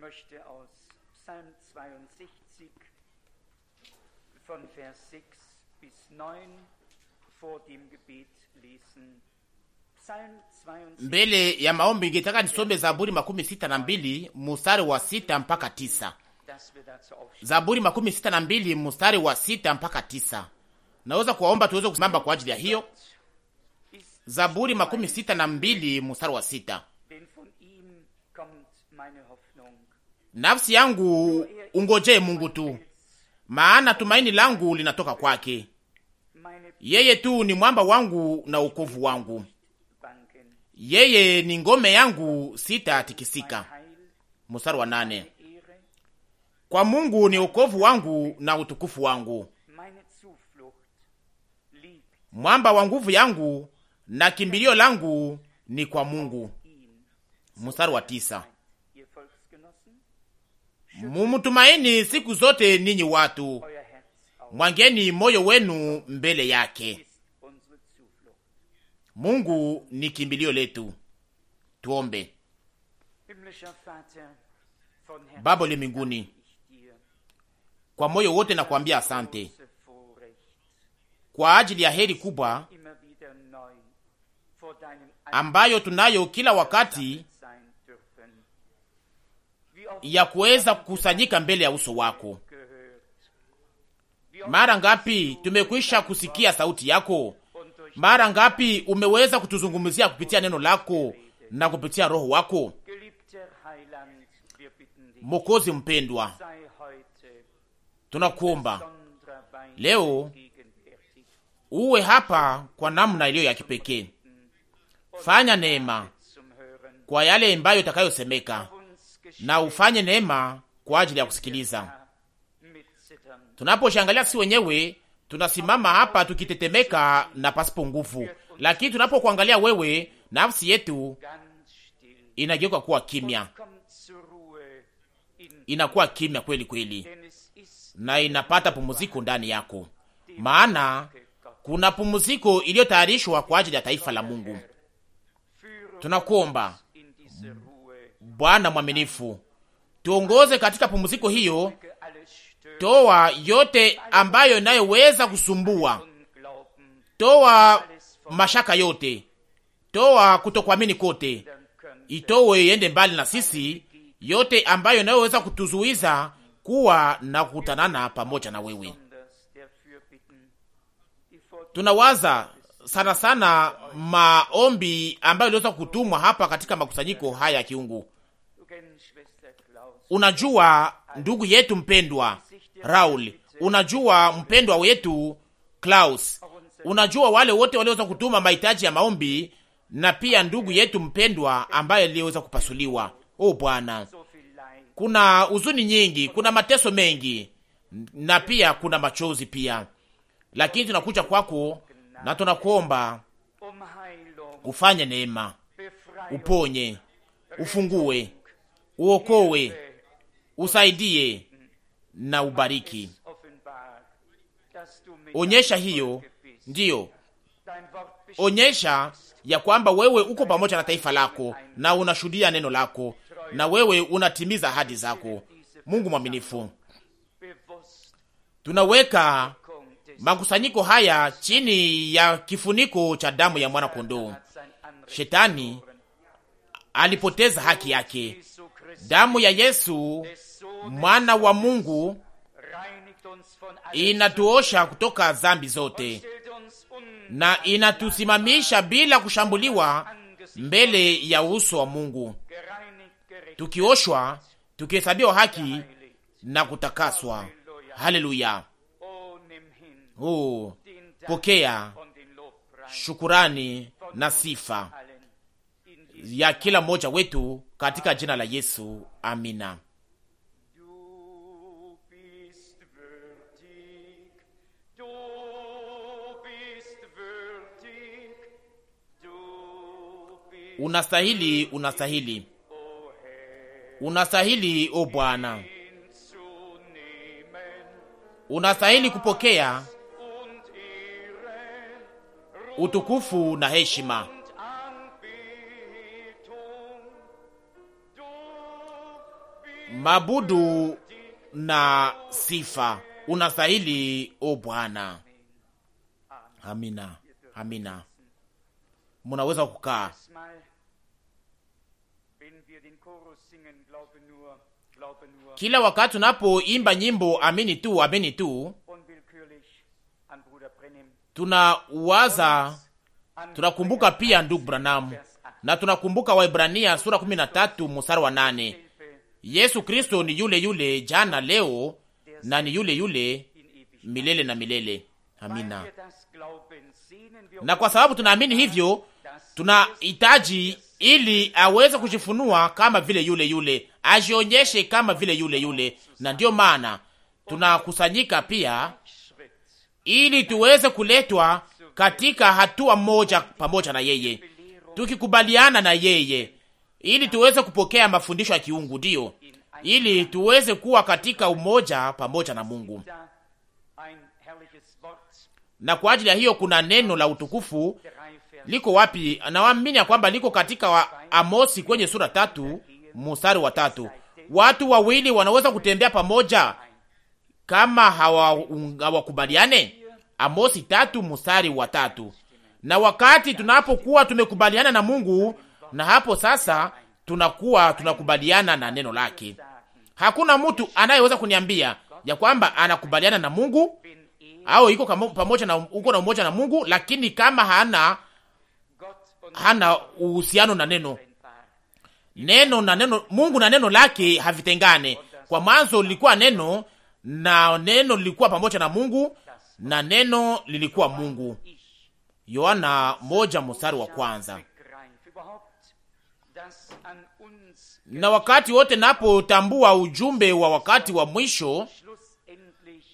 möchte aus Psalm 62 von Vers 6 bis 9 vor dem Gebet lesen. Mbele ya maombi ningetaka nisome Zaburi makumi sita na mbili mustari wa sita mpaka tisa. Zaburi makumi sita na mbili mustari wa sita mpaka tisa. Naweza kuwaomba tuweze kusimama kwa ajili ya hiyo. Zaburi makumi sita na mbili mustari wa sita. Nafsi yangu ungojee Mungu tu, maana tumaini langu linatoka kwake. Yeye tu ni mwamba wangu na ukovu wangu, yeye ni ngome yangu, sitatikisika. Mstari wa nane. Kwa Mungu ni ukovu wangu na utukufu wangu, mwamba wa nguvu yangu na kimbilio langu ni kwa Mungu. Mstari wa tisa mumutumaini siku zote, ninyi watu mwangeni moyo wenu mbele yake. Mungu ni kimbilio letu. Tuombe. Baba le mbinguni, kwa moyo wote nakwambia asante kwa ajili ya heri kubwa ambayo tunayo kila wakati ya kuweza kukusanyika mbele ya uso wako. Mara ngapi tumekwisha kusikia sauti yako? Mara ngapi umeweza kutuzungumzia kupitia neno lako na kupitia roho wako? Mokozi mpendwa, tunakuomba leo uwe hapa kwa namna iliyo ya kipekee. Fanya neema kwa yale ambayo itakayosemeka na ufanye neema kwa ajili ya kusikiliza. Tunaposhangalia si wenyewe, tunasimama hapa tukitetemeka na pasipo nguvu, lakini tunapokuangalia wewe, nafsi yetu inageuka kuwa kimya, inakuwa kimya kweli kweli, na inapata pumziko ndani yako, maana kuna pumziko iliyotayarishwa kwa ajili ya taifa la Mungu. Tunakuomba Bwana mwaminifu, tuongoze katika pumziko hiyo. Toa yote ambayo inayoweza kusumbua, toa mashaka yote, toa kutokuamini kote, itowe iende mbali na sisi, yote ambayo inayoweza kutuzuiza kuwa na kukutanana pamoja na wewe. Tunawaza sana sana maombi ambayo iliweza kutumwa hapa katika makusanyiko haya ya kiungu Unajua ndugu yetu mpendwa Raul, unajua mpendwa wetu Klaus, unajua wale wote waliweza kutuma mahitaji ya maombi na pia ndugu yetu mpendwa ambaye aliyeweza kupasuliwa. O oh, Bwana, kuna huzuni nyingi, kuna mateso mengi na pia kuna machozi pia, lakini tunakuja kwako na tunakuomba ufanye neema, uponye, ufungue, uokowe usaidie na ubariki, onyesha hiyo, ndiyo onyesha ya kwamba wewe uko pamoja na taifa lako na unashuhudia neno lako na wewe unatimiza ahadi zako. Mungu mwaminifu, tunaweka makusanyiko haya chini ya kifuniko cha damu ya mwana kondoo. Shetani alipoteza haki yake. Damu ya Yesu mwana wa Mungu inatuosha kutoka zambi zote na inatusimamisha bila kushambuliwa mbele ya uso wa Mungu, tukioshwa, tukihesabiwa haki na kutakaswa. Haleluya! Oh, pokea shukurani na sifa ya kila mmoja wetu katika jina la Yesu. Amina. unastahili, unastahili, unastahili, o Bwana, unastahili kupokea utukufu na heshima. mabudu na sifa unastahili, o Bwana. Amina, amina munaweza kukaa. Kila wakati tunapoimba nyimbo amini tu, amini tu, tunawaza tunakumbuka pia ndugu Branham na tunakumbuka Waibrania sura 13 mstari wa 8. Yesu Kristo ni yule yule jana, leo na ni yule yule milele na milele. Amina. Na kwa sababu tunaamini hivyo, tunahitaji ili aweze kujifunua kama vile yule yule, ajionyeshe kama vile yule yule, na ndiyo maana tunakusanyika pia ili tuweze kuletwa katika hatua moja pamoja na yeye, tukikubaliana na yeye, ili tuweze kupokea mafundisho ya kiungu, ndiyo, ili tuweze kuwa katika umoja pamoja na Mungu. Na kwa ajili ya hiyo kuna neno la utukufu liko wapi? Nawaamini ya kwamba liko katika wa Amosi kwenye sura tatu mstari wa tatu. Watu wawili wanaweza kutembea pamoja kama hawakubaliane hawa Amosi tatu mstari wa tatu. Na wakati tunapokuwa tumekubaliana na Mungu, na hapo sasa tunakuwa tunakubaliana na neno lake. Hakuna mtu anayeweza kuniambia ya kwamba anakubaliana na Mungu au iko pamoja na uko na umoja na Mungu, lakini kama hana hana uhusiano na neno neno na neno Mungu na neno lake havitengane. Kwa mwanzo lilikuwa neno na neno lilikuwa pamoja na Mungu na neno lilikuwa Mungu. Yohana moja mstari wa kwanza. Na wakati wote napotambua ujumbe wa wakati wa mwisho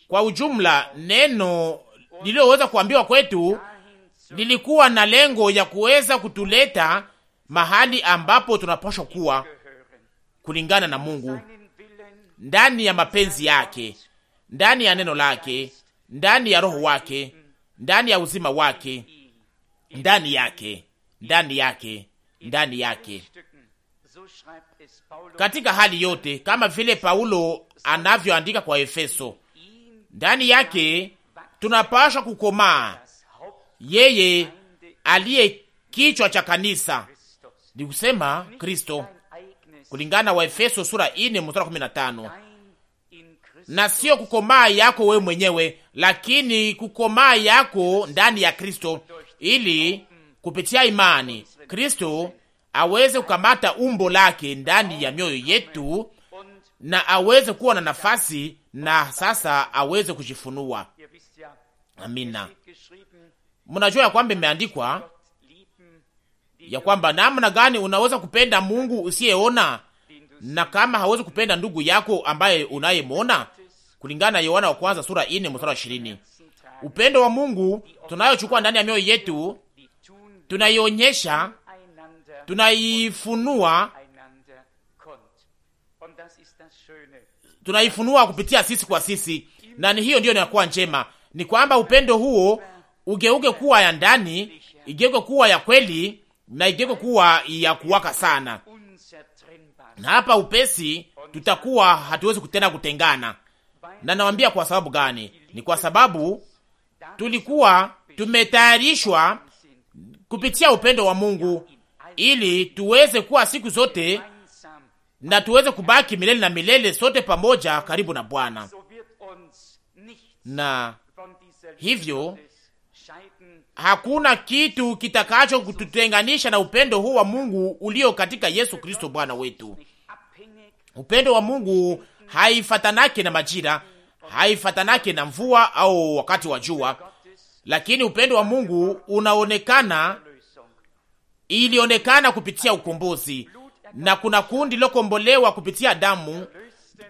kwa ujumla, neno lililoweza kuambiwa kwetu lilikuwa na lengo ya kuweza kutuleta mahali ambapo tunapashwa kuwa kulingana na Mungu, ndani ya mapenzi yake, ndani ya neno lake, ndani ya roho wake, ndani ya uzima wake, ndani yake, ndani yake, ndani yake, katika hali yote, kama vile Paulo anavyoandika kwa Efeso, ndani yake tunapashwa kukomaa yeye aliye kichwa cha kanisa ni kusema Kristo, kulingana wa Efeso sura 4 mstari 15, na sio kukomaa yako wewe mwenyewe, lakini kukomaa yako ndani ya Kristo, ili kupitia imani Kristo aweze kukamata umbo lake ndani ya mioyo yetu na aweze kuwa na nafasi na sasa aweze kujifunua. Amina mnajua ya kwamba imeandikwa ya kwamba namna gani unaweza kupenda Mungu usiyeona na kama hawezi kupenda ndugu yako ambaye unayemwona, kulingana na Yohana wa kwanza sura 4 mstari wa 20. Upendo wa Mungu tunayochukua ndani ya mioyo yetu tunaionyesha, tunaifunua, tunaifunua kupitia sisi kwa sisi, na ni hiyo ndiyo inakuwa njema, ni kwamba upendo huo ugeuke kuwa ya ndani, igeuke kuwa ya kweli na igeuke kuwa ya kuwaka sana, na hapa upesi tutakuwa hatuwezi kutena kutengana. Na nawambia kwa sababu gani? Ni kwa sababu tulikuwa tumetayarishwa kupitia upendo wa Mungu ili tuweze kuwa siku zote na tuweze kubaki milele na milele sote pamoja karibu na Bwana. Na hivyo hakuna kitu kitakacho kututenganisha na upendo huu wa Mungu ulio katika Yesu Kristo Bwana wetu. Upendo wa Mungu haifatanake na majira, haifatanake na mvua au wakati wa jua, lakini upendo wa Mungu unaonekana, ilionekana kupitia ukombozi, na kuna kundi lokombolewa kupitia damu,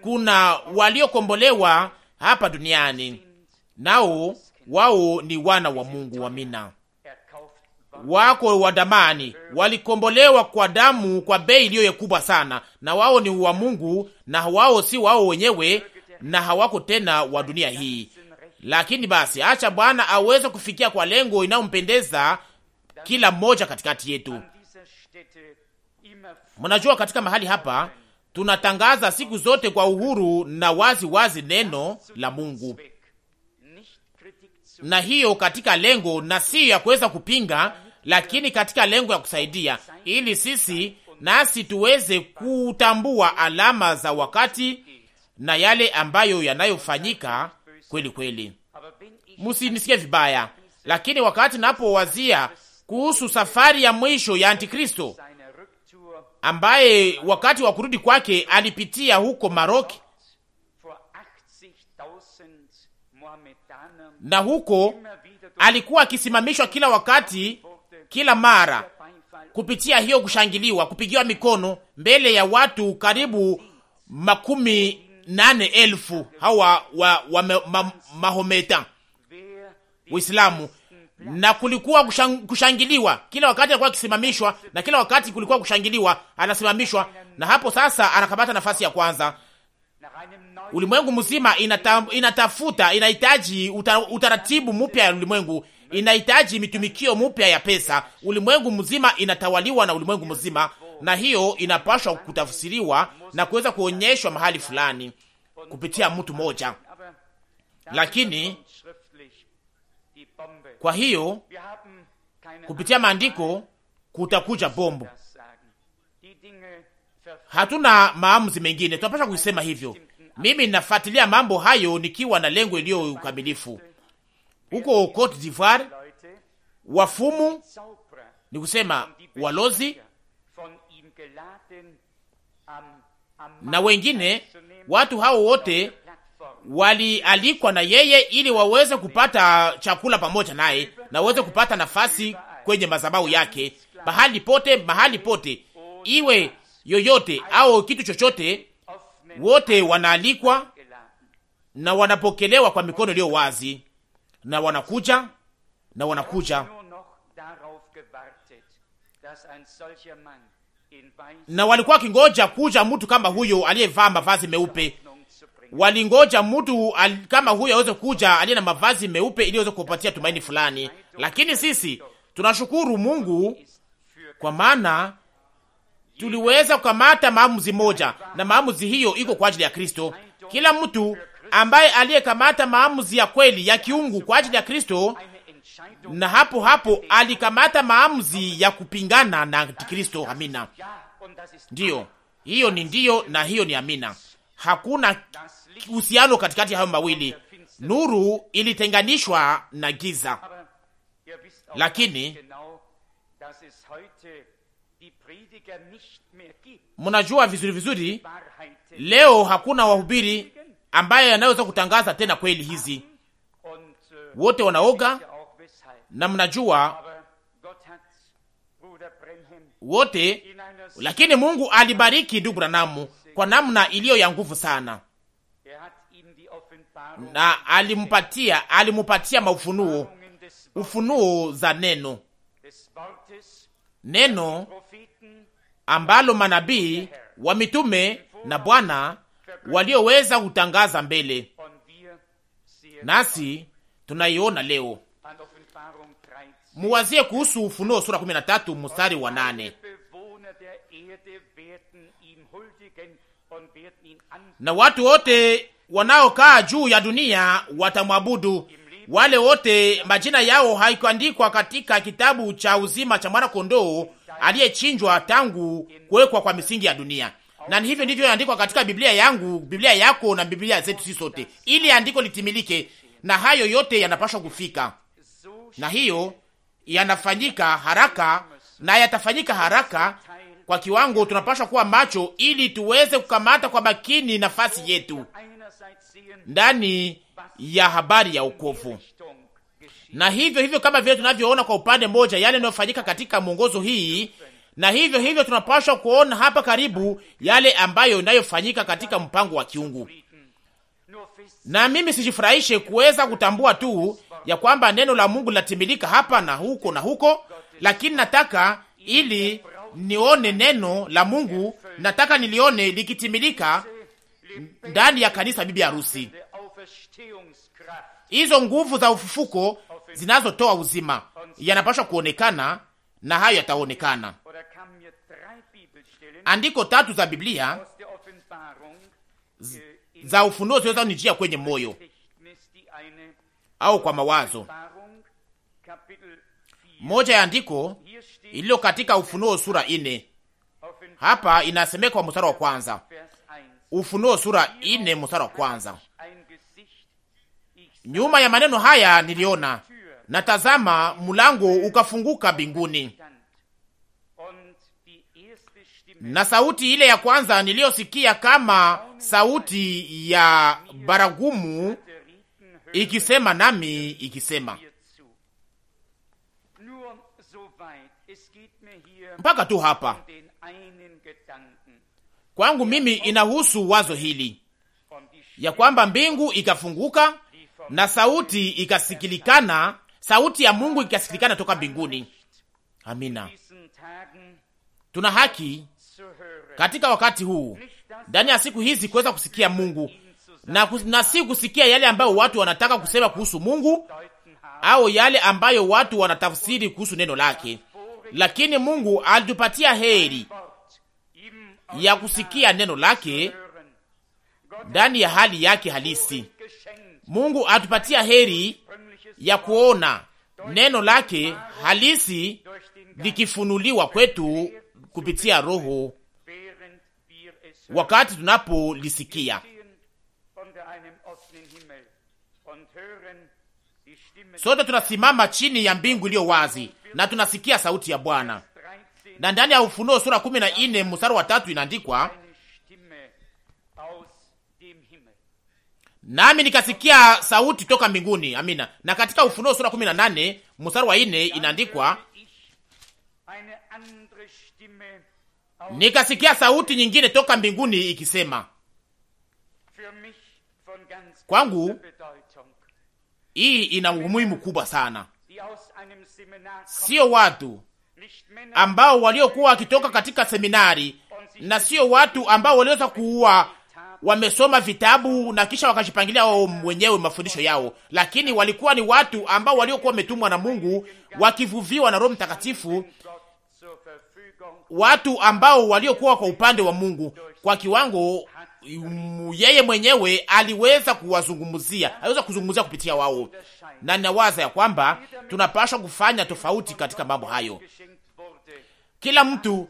kuna waliokombolewa hapa duniani nao wao ni wana wa Mungu. Amina, wako wa damani, walikombolewa kwa damu kwa bei iliyo kubwa sana, na wao ni wa Mungu, na wao si wao wenyewe, na hawako tena wa dunia hii. Lakini basi acha Bwana aweze kufikia kwa lengo inayompendeza kila mmoja katikati yetu. Mnajua, katika mahali hapa tunatangaza siku zote kwa uhuru na wazi wazi neno la Mungu na hiyo katika lengo na si ya kuweza kupinga, lakini katika lengo ya kusaidia, ili sisi nasi tuweze kutambua alama za wakati na yale ambayo yanayofanyika kweli kweli. Msinisikie vibaya, lakini wakati napowazia kuhusu safari ya mwisho ya Antikristo ambaye wakati wa kurudi kwake alipitia huko Maroki na huko alikuwa akisimamishwa kila wakati, kila mara kupitia hiyo kushangiliwa, kupigiwa mikono mbele ya watu karibu makumi nane elfu hawa wa, wa, wa ma, Mahometa Uislamu, na kulikuwa kushang, kushangiliwa kila wakati. Alikuwa akisimamishwa na kila wakati kulikuwa kushangiliwa, anasimamishwa, na hapo sasa anakamata nafasi ya kwanza Ulimwengu mzima inata, inatafuta inahitaji uta, utaratibu mpya ya ulimwengu, inahitaji mitumikio mpya ya pesa. Ulimwengu mzima inatawaliwa na ulimwengu mzima, na hiyo inapashwa kutafsiriwa na kuweza kuonyeshwa mahali fulani kupitia mtu moja, lakini kwa hiyo kupitia maandiko kutakuja bombo. Hatuna maamuzi mengine, tunapasha kuisema hivyo. Mimi ninafuatilia mambo hayo nikiwa na lengo iliyo ukamilifu. Huko Cote d'Ivoire, wafumu ni kusema walozi na wengine, watu hao wote walialikwa na yeye ili waweze kupata chakula pamoja naye na waweze kupata nafasi kwenye madhabahu yake, mahali pote, mahali pote, iwe yoyote au kitu chochote wote wanaalikwa na wanapokelewa kwa mikono iliyo wazi, na wanakuja na wanakuja na walikuwa wakingoja kuja mtu kama huyo aliyevaa mavazi meupe. Walingoja mtu al, kama huyo aweze kuja aliye na mavazi meupe ili aweze kuwapatia tumaini fulani. Lakini sisi tunashukuru Mungu kwa maana tuliweza kukamata maamuzi moja, na maamuzi hiyo iko kwa ajili ya Kristo. Kila mtu ambaye aliyekamata maamuzi ya kweli ya kiungu kwa ajili ya Kristo, na hapo hapo alikamata maamuzi ya kupingana na Antikristo. Amina, ndiyo hiyo ni ndiyo, na hiyo ni amina. Hakuna uhusiano katikati ya hayo mawili. Nuru ilitenganishwa na giza, lakini Mnajua vizuri vizuri, leo hakuna wahubiri ambaye anaweza kutangaza tena kweli hizi, äh, wote wanaoga, na mnajua wote. Lakini Mungu alibariki ndugu Branamu kwa namna iliyo ya nguvu sana, er na alimpatia alimupatia maufunuo ufunuo za neno neno ambalo manabii wa mitume na Bwana walioweza kutangaza mbele, nasi tunaiona leo. Muwazie kuhusu Ufunuo sura 13 mstari wa 8: na watu wote wanaokaa juu ya dunia watamwabudu, wale wote majina yao haikuandikwa katika kitabu cha uzima cha mwana kondoo aliyechinjwa tangu kuwekwa kwa misingi ya dunia. Na ni hivyo ndivyo andikwa katika Biblia yangu, Biblia yako na Biblia zetu sisi sote, ili andiko litimilike, na hayo yote yanapaswa kufika, na hiyo yanafanyika haraka na yatafanyika haraka kwa kiwango. Tunapaswa kuwa macho ili tuweze kukamata kwa makini nafasi yetu ndani ya habari ya ukovu na hivyo hivyo kama vile tunavyoona kwa upande mmoja yale yanayofanyika katika mwongozo hii, na hivyo hivyo tunapaswa kuona hapa karibu yale ambayo inayofanyika katika mpango wa kiungu. Na mimi sijifurahishe kuweza kutambua tu ya kwamba neno la Mungu linatimilika hapa na huko na huko, lakini nataka ili nione neno la Mungu, nataka nilione likitimilika ndani ya kanisa bibi harusi. Hizo nguvu za ufufuko zinazotoa uzima yanapaswa kuonekana na hayo yataonekana. Andiko tatu za Biblia za Ufunuo zinaweza kunijia kwenye moyo au kwa mawazo. Moja ya andiko iliyo katika Ufunuo sura ine hapa inasemeka kwa mstari wa kwanza. Ufunuo sura ine mstari wa kwanza, nyuma ya maneno haya niliona na tazama, mlango ukafunguka mbinguni, na sauti ile ya kwanza niliyosikia kama sauti ya baragumu ikisema nami ikisema mpaka tu hapa kwangu mimi inahusu wazo hili ya kwamba mbingu ikafunguka na sauti ikasikilikana sauti ya Mungu ikasikilikana toka mbinguni. Amina. Tuna haki katika wakati huu ndani ya siku hizi kuweza kusikia Mungu na, na si kusikia yale ambayo watu wanataka kusema kuhusu Mungu au yale ambayo watu wanatafsiri kuhusu neno lake, lakini Mungu alitupatia heri ya kusikia neno lake ndani ya hali yake halisi. Mungu alitupatia heri ya kuona neno lake halisi likifunuliwa kwetu kupitia Roho wakati tunapolisikia. Sote tunasimama chini ya mbingu iliyo wazi na tunasikia sauti ya Bwana, na ndani ya Ufunuo sura kumi na nne mstari wa tatu inaandikwa Nami nikasikia sauti toka mbinguni. Amina. Na katika Ufunuo sura 18 mstari wa 4 inaandikwa, nikasikia sauti nyingine toka mbinguni ikisema. Kwangu hii ina umuhimu kubwa sana, sio watu ambao waliokuwa wakitoka katika seminari na sio watu ambao waliweza kuua wamesoma vitabu na kisha wakajipangilia wao wenyewe mafundisho yao, lakini walikuwa ni watu ambao waliokuwa wametumwa na Mungu, wakivuviwa na Roho Mtakatifu, watu ambao waliokuwa kwa upande wa Mungu kwa kiwango mm, yeye mwenyewe aliweza kuwazungumzia, aliweza kuzungumzia kupitia wao, na ninawaza ya kwamba tunapaswa kufanya tofauti katika mambo hayo. Kila mtu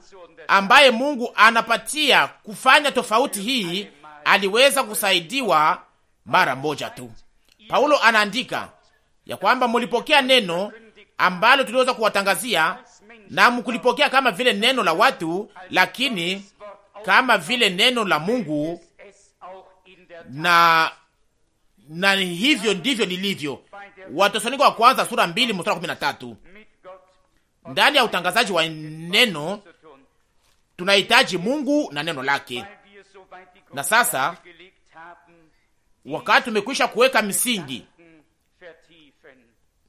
ambaye Mungu anapatia kufanya tofauti hii aliweza kusaidiwa mara moja tu. Paulo anaandika ya kwamba mulipokea neno ambalo tuliweza kuwatangazia na mkulipokea kama vile neno la watu, lakini kama vile neno la Mungu na na hivyo ndivyo nilivyo. Wathesalonike wa kwanza sura mbili mstari kumi tatu. Ndani ya utangazaji wa neno tunahitaji Mungu na neno lake. Na sasa wakati tumekwisha kuweka misingi,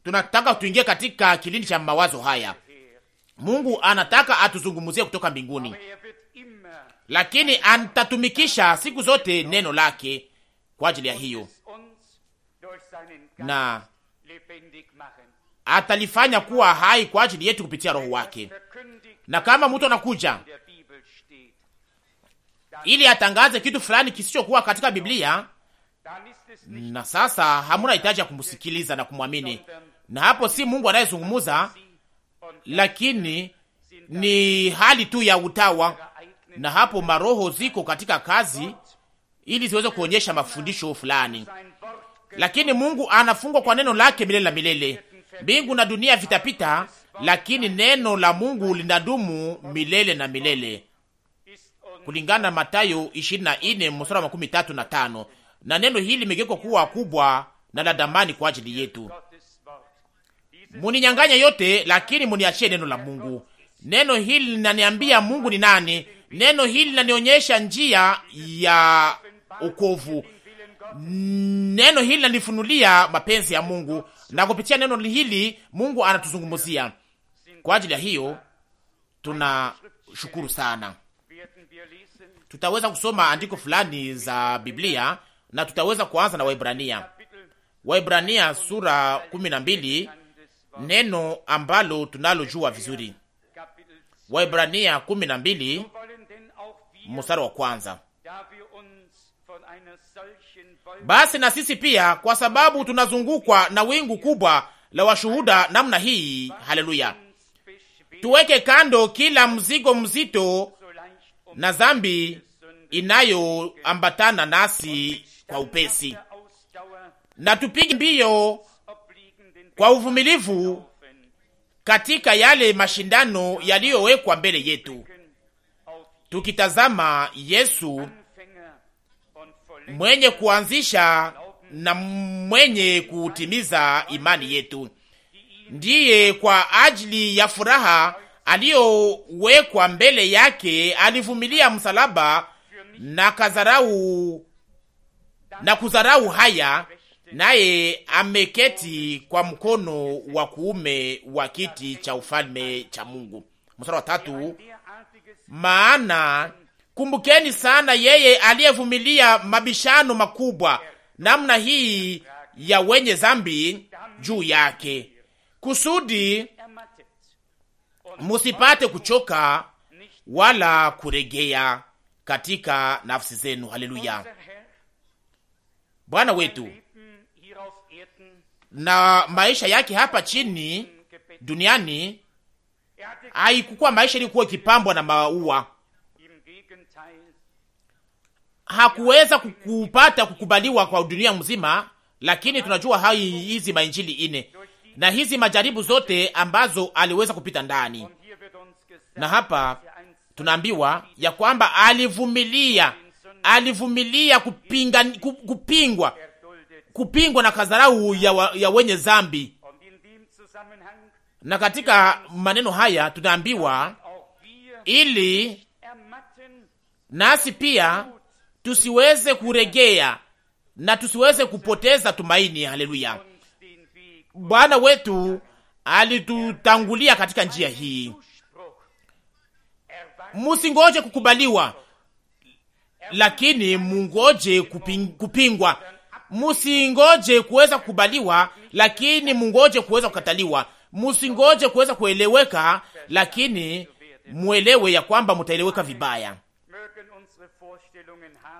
tunataka tuingie katika kilindi cha mawazo haya. Mungu anataka atuzungumzie kutoka mbinguni, lakini atatumikisha siku zote neno lake kwa ajili ya hiyo, na atalifanya kuwa hai kwa ajili yetu kupitia Roho wake. Na kama mtu anakuja ili atangaze kitu fulani kisichokuwa katika Biblia, na sasa hamuna hitaji ya kumsikiliza na kumwamini. Na hapo si Mungu anayezungumuza, lakini ni hali tu ya utawa, na hapo maroho ziko katika kazi ili ziweze kuonyesha mafundisho fulani, lakini Mungu anafungwa kwa neno lake milele na milele. Mbingu na dunia vitapita, lakini neno la Mungu linadumu milele na milele kulingana na Mathayo 24 mstari wa 13 na tano. Na neno hili limegeuka kuwa kubwa na la damani kwa ajili yetu. Muninyang'anya yote, lakini muniachie neno la Mungu. Neno hili linaniambia Mungu ni nani. Neno hili linanionyesha njia ya ukovu. Neno hili linanifunulia mapenzi ya Mungu, na kupitia neno hili Mungu anatuzungumzia. Kwa ajili ya hiyo tunashukuru sana tutaweza kusoma andiko fulani za Biblia na tutaweza kuanza na Waibrania. Waibrania sura kumi na mbili, neno ambalo tunalojua vizuri. Waibrania kumi na mbili mstari wa kwanza. Basi na sisi pia, kwa sababu tunazungukwa na wingu kubwa la washuhuda namna hii, haleluya, tuweke kando kila mzigo mzito na dhambi inayoambatana nasi kwa upesi, na tupige mbio kwa uvumilivu katika yale mashindano yaliyowekwa mbele yetu, tukitazama Yesu mwenye kuanzisha na mwenye kutimiza imani yetu. Ndiye kwa ajili ya furaha aliyowekwa mbele yake alivumilia msalaba na kazarau na kuzarau haya, naye ameketi kwa mkono wa kuume wa kiti cha ufalme cha Mungu. Mstari wa tatu, maana kumbukeni sana yeye aliyevumilia mabishano makubwa namna hii ya wenye zambi juu yake, kusudi musipate kuchoka wala kuregea katika nafsi zenu. Haleluya! Bwana wetu na maisha yake hapa chini duniani haikukuwa maisha ilikuwa ikipambwa na maua, hakuweza kupata kukubaliwa kwa dunia mzima, lakini tunajua hai hizi mainjili ine na hizi majaribu zote ambazo aliweza kupita ndani, na hapa tunaambiwa ya kwamba alivumilia, alivumilia kupinga, kupingwa, kupingwa na kadharau ya, ya wenye zambi. Na katika maneno haya tunaambiwa ili nasi pia tusiweze kuregea na tusiweze kupoteza tumaini. Haleluya! Bwana wetu alitutangulia katika njia hii. Musingoje kukubaliwa, lakini mungoje kuping, kupingwa. Musingoje kuweza kukubaliwa, lakini mungoje kuweza kukataliwa. Musingoje kuweza kueleweka, lakini muelewe ya kwamba mutaeleweka vibaya.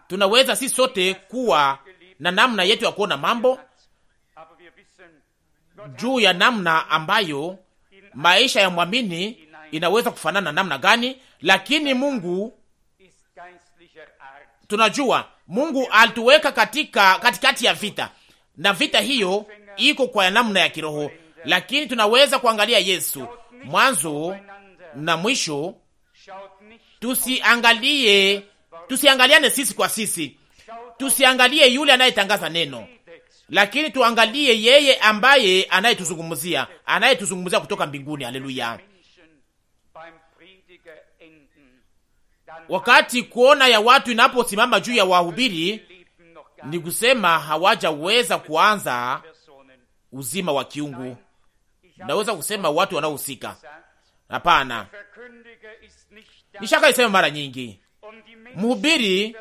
Tunaweza si sote kuwa na namna yetu ya kuona mambo juu ya namna ambayo maisha ya mwamini inaweza kufanana namna gani, lakini Mungu tunajua Mungu alituweka katika katikati ya vita, na vita hiyo iko kwa namna ya kiroho, lakini tunaweza kuangalia Yesu mwanzo na mwisho. Tusiangalie, tusiangaliane sisi kwa sisi, tusiangalie yule anayetangaza neno, lakini tuangalie yeye ambaye anayetuzungumzia, anayetuzungumzia kutoka mbinguni. Haleluya! Wakati kuona ya watu inaposimama juu ya wahubiri, ni kusema hawajaweza kuanza uzima wa kiungu. Naweza kusema watu wanaohusika? Hapana, nishaka isema mara nyingi, mhubiri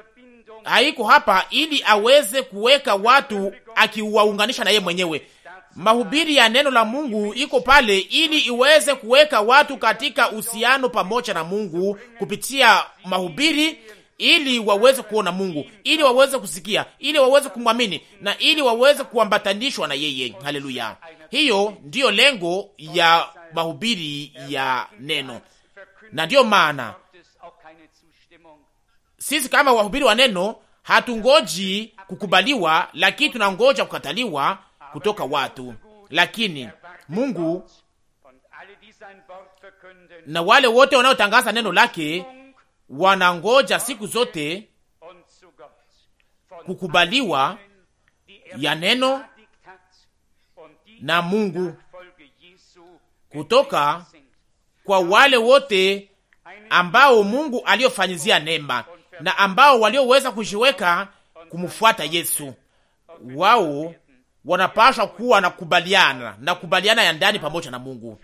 haiko hapa ili aweze kuweka watu akiwaunganisha na yeye mwenyewe. Mahubiri ya neno la Mungu iko pale ili iweze kuweka watu katika uhusiano pamoja na Mungu kupitia mahubiri, ili waweze kuona Mungu, ili waweze kusikia, ili waweze kumwamini na ili waweze kuambatanishwa na yeye. Haleluya! Hiyo ndiyo lengo ya mahubiri ya neno, na ndiyo maana sisi kama wahubiri wa neno hatungoji kukubaliwa, lakini tunangoja kukataliwa kutoka watu. Lakini Mungu na wale wote wanaotangaza neno lake wanangoja siku zote kukubaliwa ya neno na Mungu kutoka kwa wale wote ambao Mungu aliyofanyizia neema na ambao walioweza kujiweka kumfuata Yesu, wao wanapaswa kuwa na kubaliana na kubaliana ya ndani pamoja na Mungu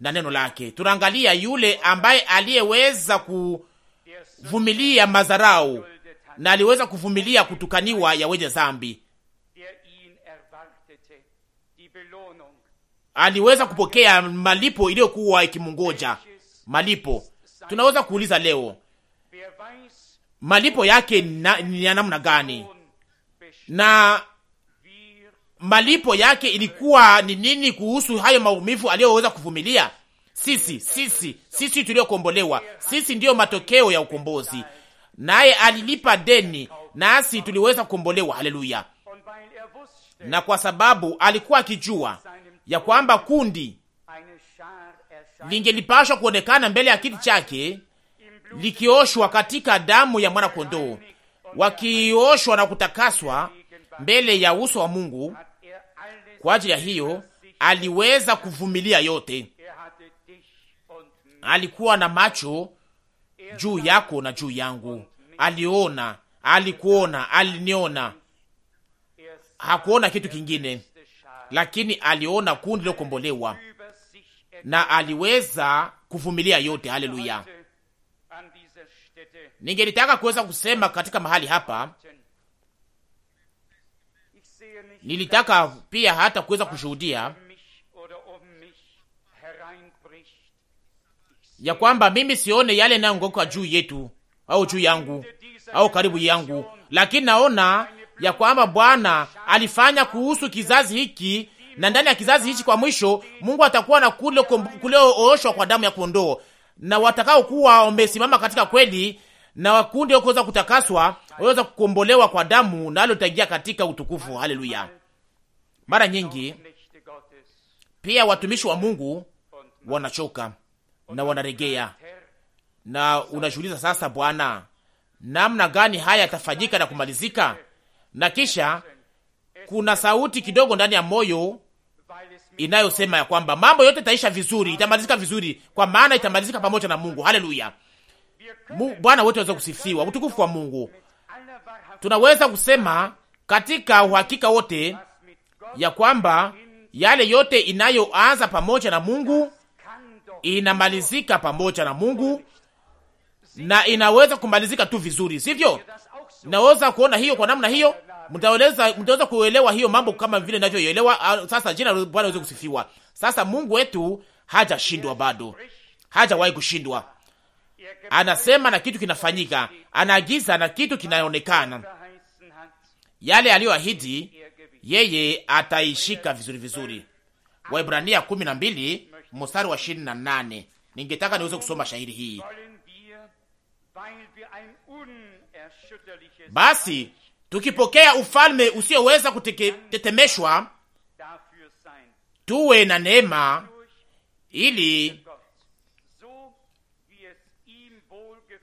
na neno lake. Tunaangalia yule ambaye aliyeweza kuvumilia madharau na aliweza kuvumilia kutukaniwa ya wenye zambi, aliweza kupokea malipo iliyokuwa ikimungoja malipo. Tunaweza kuuliza leo malipo yake na, ni ya namna gani na malipo yake ilikuwa ni nini kuhusu hayo maumivu aliyoweza kuvumilia. Sisi sisi sisi tuliokombolewa, sisi ndiyo matokeo ya ukombozi, naye alilipa deni, nasi tuliweza kukombolewa. Haleluya! Na kwa sababu alikuwa akijua ya kwamba kundi lingelipashwa kuonekana mbele ya kiti chake likioshwa katika damu ya kondoo, wakioshwa na kutakaswa mbele ya uso wa Mungu. Kwa ajili ya hiyo aliweza kuvumilia yote. Alikuwa na macho juu yako na juu yangu, aliona, alikuona, aliniona. Hakuona kitu kingine, lakini aliona kundi lilokombolewa na aliweza kuvumilia yote. Haleluya! ningelitaka kuweza kusema katika mahali hapa, nilitaka pia hata kuweza kushuhudia ya kwamba mimi sione yale yanayongoka juu yetu au juu yangu au karibu yangu, lakini naona ya kwamba Bwana alifanya kuhusu kizazi hiki na ndani ya kizazi hichi kwa mwisho, Mungu atakuwa na kule kuleo ooshwa kwa damu ya kondoo, na watakao kuwa wamesimama katika kweli na wakundi wakuweza kutakaswa, waweza kukombolewa kwa damu, nalo litaingia katika utukufu. Haleluya! Mara nyingi pia watumishi wa Mungu wanachoka na wanaregea, na unajiuliza sasa, Bwana, namna gani haya yatafanyika na kumalizika? Na kisha kuna sauti kidogo ndani ya moyo inayosema ya kwamba mambo yote itaisha vizuri, itamalizika vizuri, kwa maana itamalizika pamoja na Mungu. Haleluya! Bwana wote waweza kusifiwa, utukufu wa Mungu. Tunaweza kusema katika uhakika wote ya kwamba yale yote inayoanza pamoja na Mungu inamalizika pamoja na Mungu, na inaweza kumalizika tu vizuri, sivyo? Naweza kuona hiyo kwa namna hiyo, mtaweza mtaweza kuelewa hiyo mambo kama vile ninavyoelewa. Ah, sasa. Jina la Bwana aweze kusifiwa. Sasa Mungu wetu hajashindwa bado, hajawahi kushindwa anasema na kitu kinafanyika, anaagiza na kitu kinaonekana. Yale aliyoahidi yeye ataishika vizuri vizuri. Waibrania 12 mstari wa 28. Ningetaka niweze kusoma shahiri hii basi tukipokea ufalme usioweza kutetemeshwa, tuwe na neema ili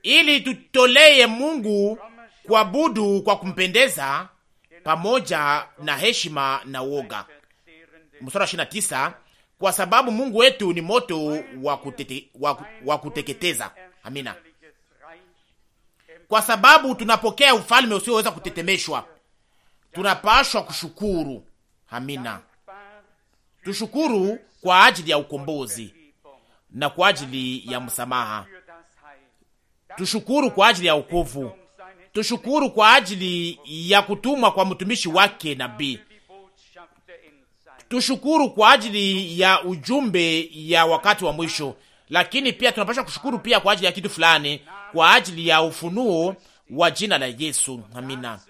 ili tutoleye Mungu kuabudu kwa kumpendeza pamoja na heshima na woga. Mstari wa 29, kwa sababu Mungu wetu ni moto wa kutete, wa, wa kuteketeza. Amina. Kwa sababu tunapokea ufalme usioweza kutetemeshwa, tunapashwa kushukuru. Amina. Tushukuru kwa ajili ya ukombozi na kwa ajili ya msamaha Tushukuru kwa ajili ya wokovu, tushukuru kwa ajili ya kutumwa kwa mtumishi wake nabii, tushukuru kwa ajili ya ujumbe ya wakati wa mwisho. Lakini pia tunapaswa kushukuru pia kwa ajili ya kitu fulani, kwa ajili ya ufunuo wa jina la Yesu. Amina.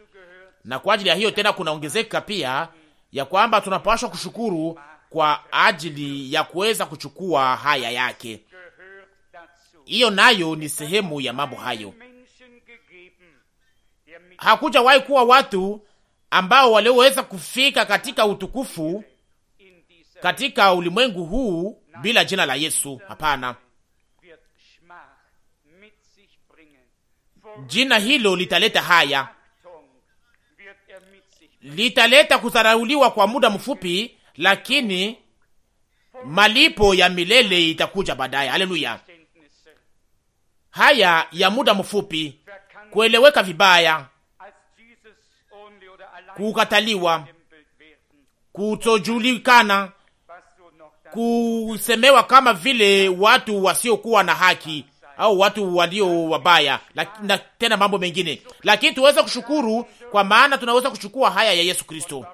Na kwa ajili ya hiyo tena kunaongezeka pia ya kwamba tunapaswa kushukuru kwa ajili ya kuweza kuchukua haya yake hiyo nayo ni sehemu ya mambo hayo. Hakujawahi kuwa watu ambao walioweza kufika katika utukufu katika ulimwengu huu bila jina la Yesu. Hapana, jina hilo litaleta haya, litaleta kudharauliwa kwa muda mfupi, lakini malipo ya milele itakuja baadaye. Haleluya! haya ya muda mfupi, kueleweka vibaya, kukataliwa, kutojulikana, kusemewa kama vile watu wasiokuwa na haki au watu walio wabaya na tena mambo mengine, lakini tuweze kushukuru kwa maana tunaweza kuchukua haya ya Yesu Kristo.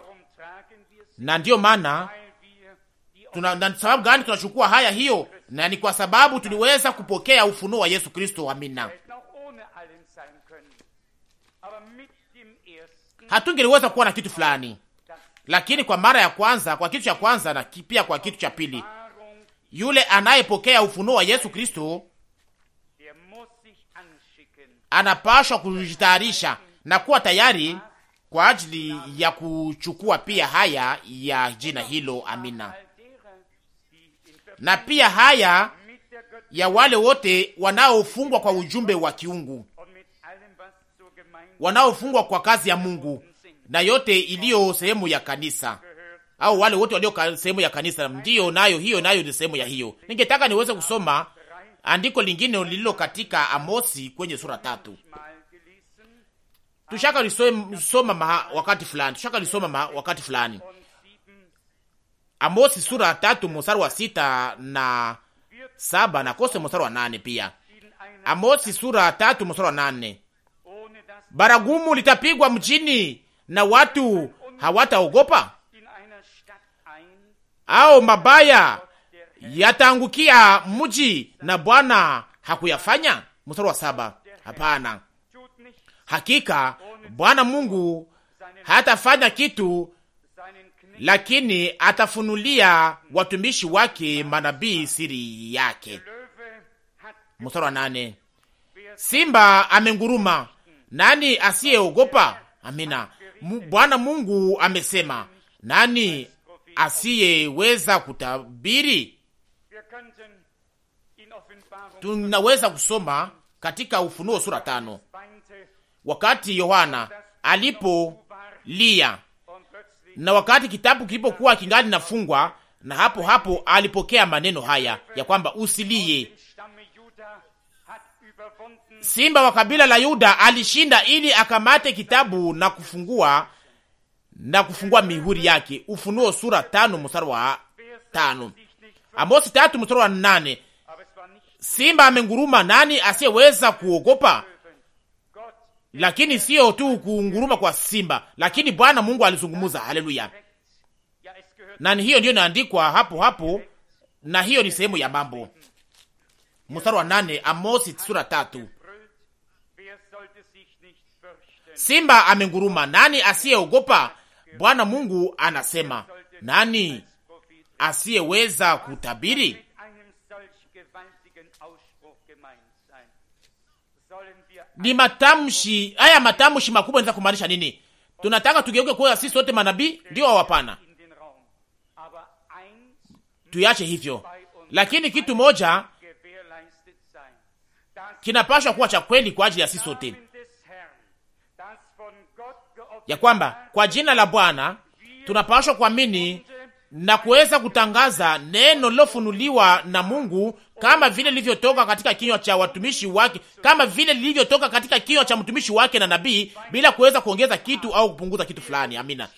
Na ndiyo maana tuna, na sababu gani tunachukua haya hiyo? na ni kwa sababu tuliweza kupokea ufunuo wa Yesu Kristo. Amina. Hatungeliweza kuwa na kitu fulani, lakini kwa mara ya kwanza, kwa kitu cha kwanza na pia kwa kitu cha pili, yule anayepokea ufunuo wa Yesu Kristo anapashwa kujitayarisha na kuwa tayari kwa ajili ya kuchukua pia haya ya jina hilo. Amina na pia haya ya wale wote wanaofungwa kwa ujumbe wa kiungu, wanaofungwa kwa kazi ya Mungu na yote iliyo sehemu ya kanisa, au wale wote walio sehemu ya kanisa. Ndiyo nayo hiyo, nayo ni sehemu ya hiyo. Ningetaka niweze kusoma andiko lingine lililo katika Amosi kwenye sura tatu. Tushaka lisoma maha wakati fulani, tushaka lisoma maha wakati fulani Amosi sura tatu mstari wa sita na saba na Kose mstari wa nane pia. Amosi sura tatu mstari wa nane baragumu litapigwa mjini na watu hawataogopa, au mabaya yataangukia mji na Bwana hakuyafanya. Mstari wa saba. Hapana, hakika Bwana Mungu hatafanya kitu lakini atafunulia watumishi wake manabii siri yake. Mstari wa nane. Simba amenguruma, nani asiyeogopa? Amina. Bwana Mungu amesema, nani asiyeweza kutabiri? Tunaweza kusoma katika Ufunuo sura tano wakati Yohana alipo lia na wakati kitabu kilipokuwa kingali nafungwa, na hapo hapo alipokea maneno haya ya kwamba usilie, simba wa kabila la Yuda alishinda ili akamate kitabu na kufungua na kufungua mihuri yake. Ufunuo sura tano mstari wa tano. Amosi tatu mstari wa nane. Simba amenguruma, nani asiyeweza kuogopa? lakini sio tu kuunguruma kwa simba, lakini Bwana Mungu alizungumza. Haleluya! na hiyo ndiyo inaandikwa hapo hapo, na hiyo ni sehemu ya mambo. Mstari wa nane, Amosi sura tatu. Simba amenguruma, nani asiyeogopa? Bwana Mungu anasema, nani asiyeweza kutabiri? ni matamshi haya, matamshi makubwa inaweza kumaanisha nini? Tunataka tugeuke kuwa sisi sote manabii? Ndio au hapana? Tuyache hivyo, lakini kitu moja kinapashwa kuwa cha kweli kwa ajili ya sisi sote, ya kwamba kwa jina la Bwana tunapashwa kuamini na kuweza kutangaza neno lilofunuliwa na Mungu kama vile lilivyotoka katika kinywa cha watumishi wake, kama vile lilivyotoka katika kinywa cha mtumishi wake na nabii, bila kuweza kuongeza kitu au kupunguza kitu fulani. Amina.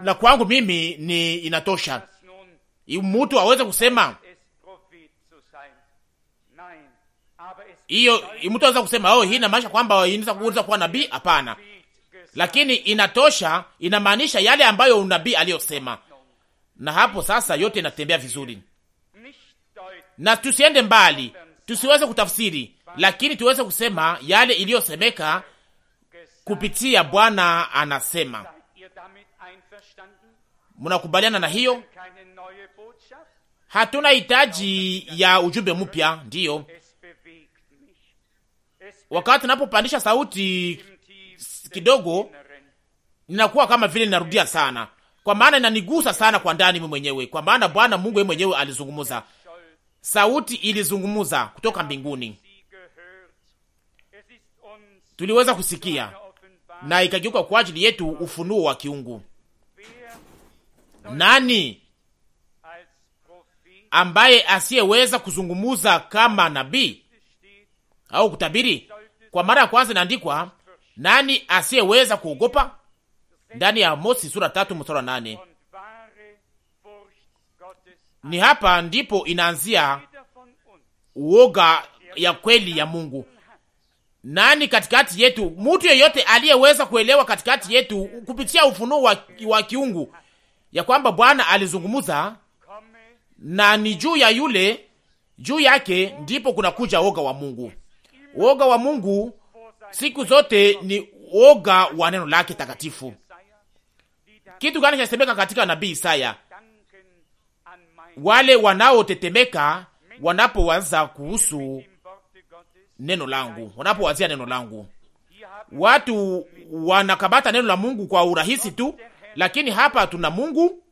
Na kwangu mimi ni inatosha, mtu aweze kusema hiyo, mtu aweza kusema oh, hii inamaanisha kwamba inaweza kuwa nabii? Hapana, lakini inatosha, inamaanisha yale ambayo unabii aliyosema, na hapo sasa yote inatembea vizuri na tusiende mbali, tusiweze kutafsiri, lakini tuweze kusema yale iliyosemeka kupitia Bwana anasema. Mnakubaliana na hiyo? Hatuna hitaji ya ujumbe mpya, ndiyo. Wakati napopandisha sauti kidogo, ninakuwa kama vile ninarudia sana, kwa maana inanigusa sana kwa ndani mwenyewe, kwa maana Bwana Mungu yeye mwenyewe alizungumza sauti ilizungumuza kutoka mbinguni, tuliweza kusikia na ikageuka kwa ajili yetu ufunuo wa kiungu. Nani ambaye asiyeweza kuzungumuza kama nabii au kutabiri? Kwa mara ya kwanza inaandikwa, nani asiyeweza kuogopa? Ndani ya Amosi sura tatu mstari wa nane. Ni hapa ndipo inaanzia uoga ya kweli ya Mungu. Nani katikati yetu, mtu yeyote aliyeweza kuelewa katikati yetu kupitia ufunuo wa, wa kiungu ya kwamba Bwana alizungumza na ni juu ya yule juu yake ndipo kuna kuja woga wa Mungu. Woga wa Mungu siku zote ni woga wa neno lake takatifu. Kitu gani kinasemeka katika nabii Isaya? wale wanaotetemeka wanapowaza kuhusu neno langu, wanapowazia neno langu. Watu wanakamata neno la Mungu kwa urahisi tu, lakini hapa tuna Mungu.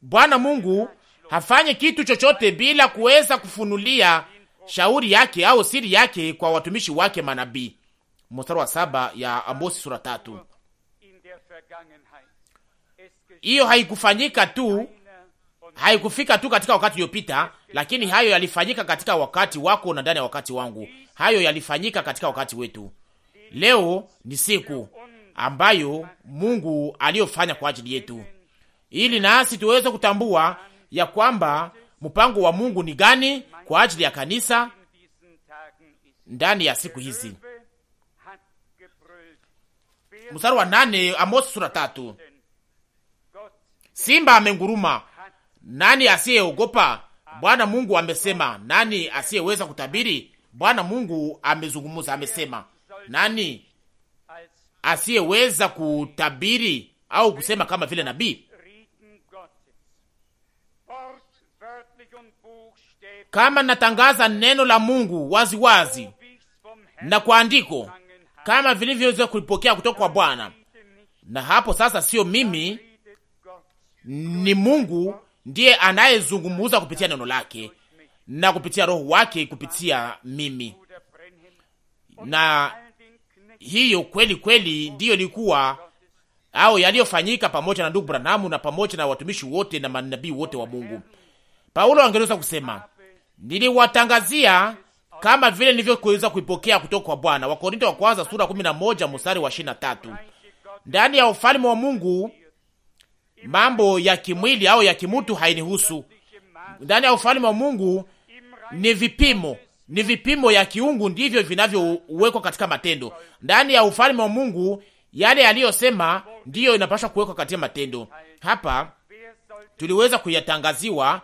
Bwana Mungu hafanye kitu chochote bila kuweza kufunulia shauri yake au siri yake kwa watumishi wake manabii. Mstari wa saba ya Amosi sura tatu. Hiyo haikufanyika tu haikufika tu katika wakati uliopita, lakini hayo yalifanyika katika wakati wako na ndani ya wakati wangu. Hayo yalifanyika katika wakati wetu. Leo ni siku ambayo Mungu aliyofanya kwa ajili yetu, ili nasi tuweze kutambua ya kwamba mpango wa Mungu ni gani kwa ajili ya kanisa ndani ya siku hizi. Mstari wa nane, Amosi sura tatu. Simba amenguruma, nani asiyeogopa? Bwana Mungu amesema. Nani asiyeweza kutabiri? Bwana Mungu amezungumza, amesema. Nani asiyeweza kutabiri au kusema kama vile nabii? Kama natangaza neno la Mungu waziwazi wazi, na kwa andiko kama vilivyoweza kulipokea kutoka kwa Bwana, na hapo sasa sio mimi, ni Mungu ndiye anayezungumuza kupitia neno lake na kupitia roho wake kupitia mimi, na hiyo kweli kweli ndiyo ilikuwa au yaliyofanyika pamoja na ndugu Branamu na pamoja na watumishi wote na manabii wote wa Mungu. Paulo angeweza kusema niliwatangazia kama vile nilivyokuweza kuipokea kutoka kwa Bwana. Wakorintho wa kwanza sura 11 mstari wa 23. Ndani ya ufalme wa Mungu mambo ya kimwili au ya kimutu hainihusu. Ndani ya ufalme wa Mungu ni vipimo, ni vipimo ya kiungu ndivyo vinavyowekwa katika matendo. Ndani ya ufalme wa Mungu yale aliyosema ndiyo inapaswa kuwekwa katika matendo. Hapa tuliweza kuyatangaziwa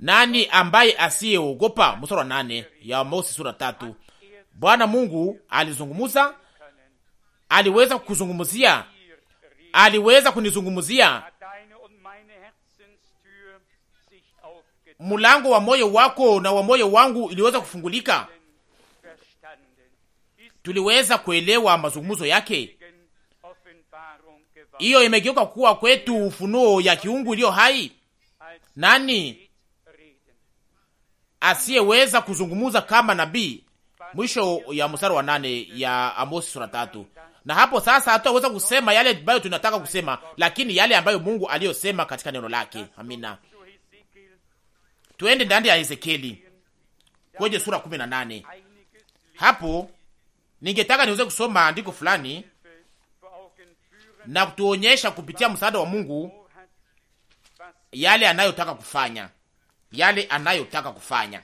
nani ambaye asiyeogopa? Mstari wa nane ya Mose sura tatu. Bwana Mungu alizungumza, aliweza kuzungumzia, aliweza kunizungumzia mulango wa moyo wako na wa moyo wangu iliweza kufungulika. Tuliweza kuelewa mazungumzo yake. Hiyo imegeuka kuwa kwetu ufunuo ya kiungu iliyo hai. Nani asiyeweza kuzungumuza kama nabii? Mwisho ya mstari wa nane ya Amosi sura tatu. Na hapo sasa hatuweza kusema yale ambayo tunataka kusema, lakini yale ambayo Mungu aliyosema katika neno lake. Amina. Tuende ndani ya Ezekieli kwenye sura 18. Hapo ningetaka niweze kusoma andiko fulani na kutuonyesha kupitia msaada wa Mungu yale anayotaka kufanya, yale anayotaka kufanya.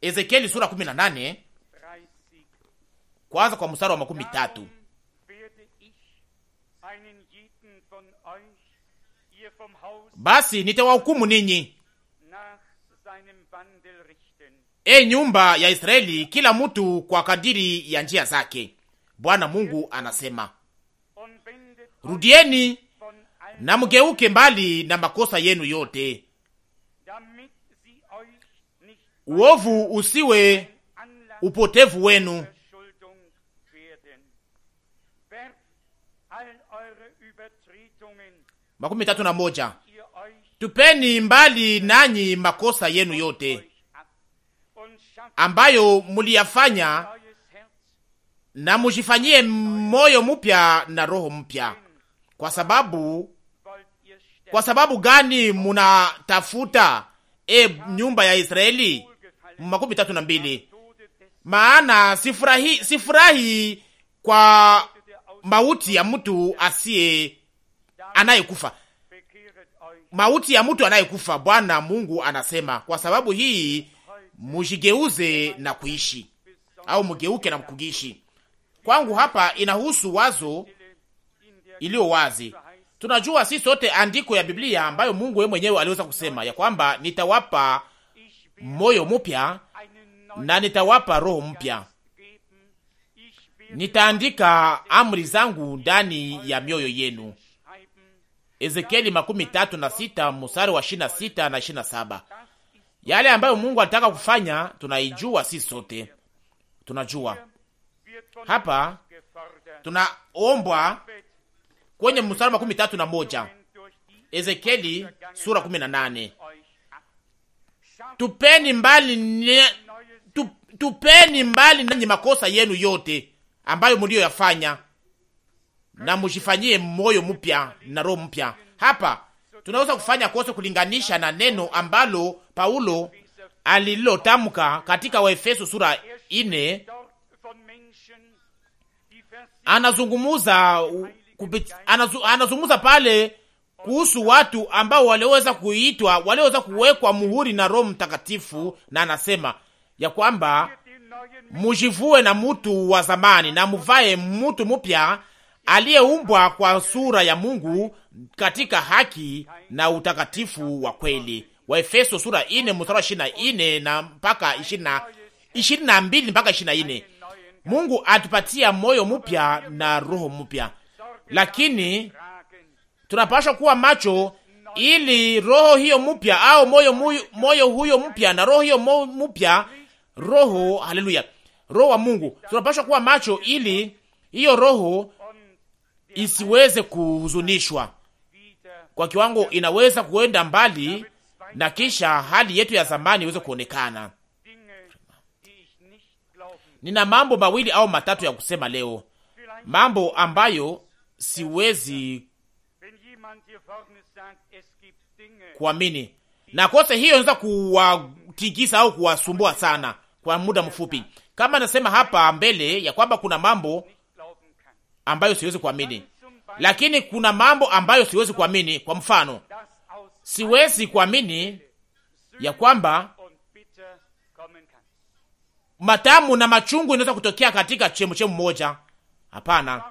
Ezekieli sura 18 kwanza kwa mstari wa makumi tatu. Basi nitawahukumu ninyi E nyumba ya Israeli, kila mtu kwa kadiri ya njia zake. Bwana Mungu anasema, rudieni na mgeuke mbali na makosa yenu yote, uovu usiwe upotevu wenu. Makumi tatu na moja. Tupeni mbali nanyi makosa yenu yote ambayo muliyafanya, na mujifanyie moyo mpya na roho mpya. Kwa sababu kwa sababu gani munatafuta e nyumba ya Israeli? makumi tatu na mbili. Maana sifurahi, sifurahi kwa mauti ya mtu asiye anayekufa, mauti ya mtu anayekufa. Bwana Mungu anasema, kwa sababu hii mujigeuze na kuishi au mugeuke na mkugishi. Kwangu hapa inahusu wazo iliyo wazi. Tunajua si sote andiko ya Biblia ambayo Mungu yeye mwenyewe aliweza kusema ya kwamba nitawapa moyo mpya na nitawapa roho mpya, nitaandika amri zangu ndani ya mioyo yenu. Ezekieli makumi tatu na sita mstari wa ishirini na sita na ishirini na saba. Yale ambayo Mungu alitaka kufanya tunaijua, si sote tunajua. Hapa tunaombwa kwenye mstari makumi tatu na moja Ezekieli sura kumi na nane tupeni mbali ne, tup, tupeni mbali nanyi makosa yenu yote ambayo mlioyafanya na mujifanyie moyo mpya na roho mpya. Hapa tunaweza kufanya kosa kulinganisha na neno ambalo Paulo alilotamka katika Waefeso sura ine. Anazungumuza kupit, anazu, anazungumuza pale kuhusu watu ambao walioweza kuitwa, walioweza kuwekwa muhuri na Roho Mtakatifu, na anasema ya kwamba mujivue na mutu wa zamani na muvae mutu mupya aliyeumbwa kwa sura ya Mungu katika haki na utakatifu wa kweli. Waefeso sura ine mstari wa ishirini na na mpaka 20 na mbili mpaka 24. na ine. Mungu atupatia moyo mpya na roho mpya, lakini tunapaswa kuwa macho ili roho hiyo mpya au moyo muyo, moyo huyo mpya na roho hiyo mpya roho, haleluya, roho wa Mungu. Tunapaswa kuwa macho ili hiyo roho isiweze kuhuzunishwa kwa kiwango, inaweza kuenda mbali na kisha hali yetu ya zamani iweze kuonekana. Nina mambo mawili au matatu ya kusema leo, mambo ambayo siwezi kuamini na kose hiyo inaweza kuwatigisa au kuwasumbua sana kwa muda mfupi. Kama nasema hapa mbele ya kwamba kuna mambo ambayo siwezi kuamini, lakini kuna mambo ambayo siwezi kuamini. Kwa mfano, siwezi kuamini ya kwamba matamu na machungu inaweza kutokea katika chemu moja. Hapana.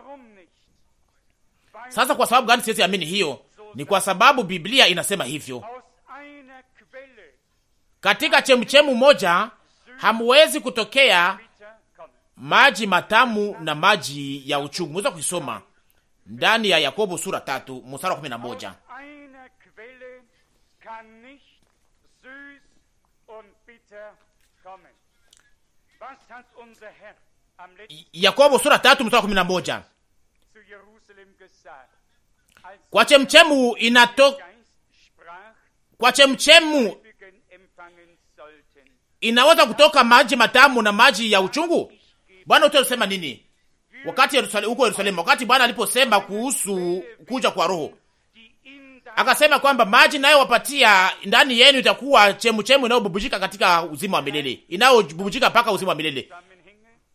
Sasa kwa sababu gani siwezi amini hiyo? Ni kwa sababu Biblia inasema hivyo, katika chemu moja hamuwezi kutokea maji matamu na maji ya uchungu. Mweza kuisoma ndani ya Yakobo sura tatu mstari wa kumi na moja. Yakobo sura tatu mstari wa kumi na moja. Kwa chemchemu inato kwa chemchemu inaweza kutoka maji matamu na maji ya uchungu. Bwana uta alisema nini wakati Yerusalemu, huko Yerusalemu, wakati Bwana aliposema kuhusu kuja kwa Roho, akasema kwamba maji nayo wapatia ndani yenu itakuwa chemu chemu inayobubujika katika uzima wa milele, inayobubujika mpaka uzima wa milele.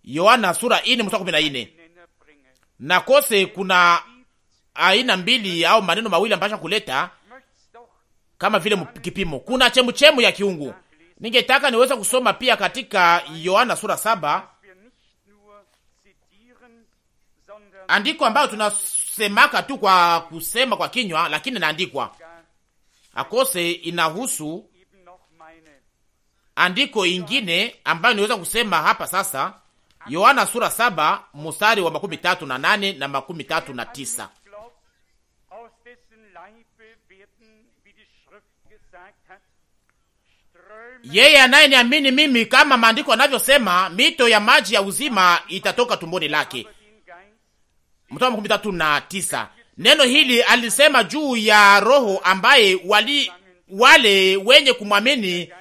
Yohana sura 4 mstari 14. Na kose kuna aina mbili au maneno mawili ambayo kuleta kama vile kipimo. Kuna chemu chemu ya kiungu. Ningetaka niweze kusoma pia katika Yohana sura saba andiko ambayo tunasemaka tu kwa kusema kwa kinywa, lakini inaandikwa akose. Inahusu andiko ingine ambayo niweza kusema hapa sasa, Yohana sura saba mstari wa makumi tatu na nane na makumi tatu na tisa Yeye anayeniamini mimi, kama maandiko yanavyosema, mito ya maji ya uzima itatoka tumboni lake mstari makumi tatu na tisa. Neno hili alisema juu ya Roho ambaye wali, wale wenye kumwamini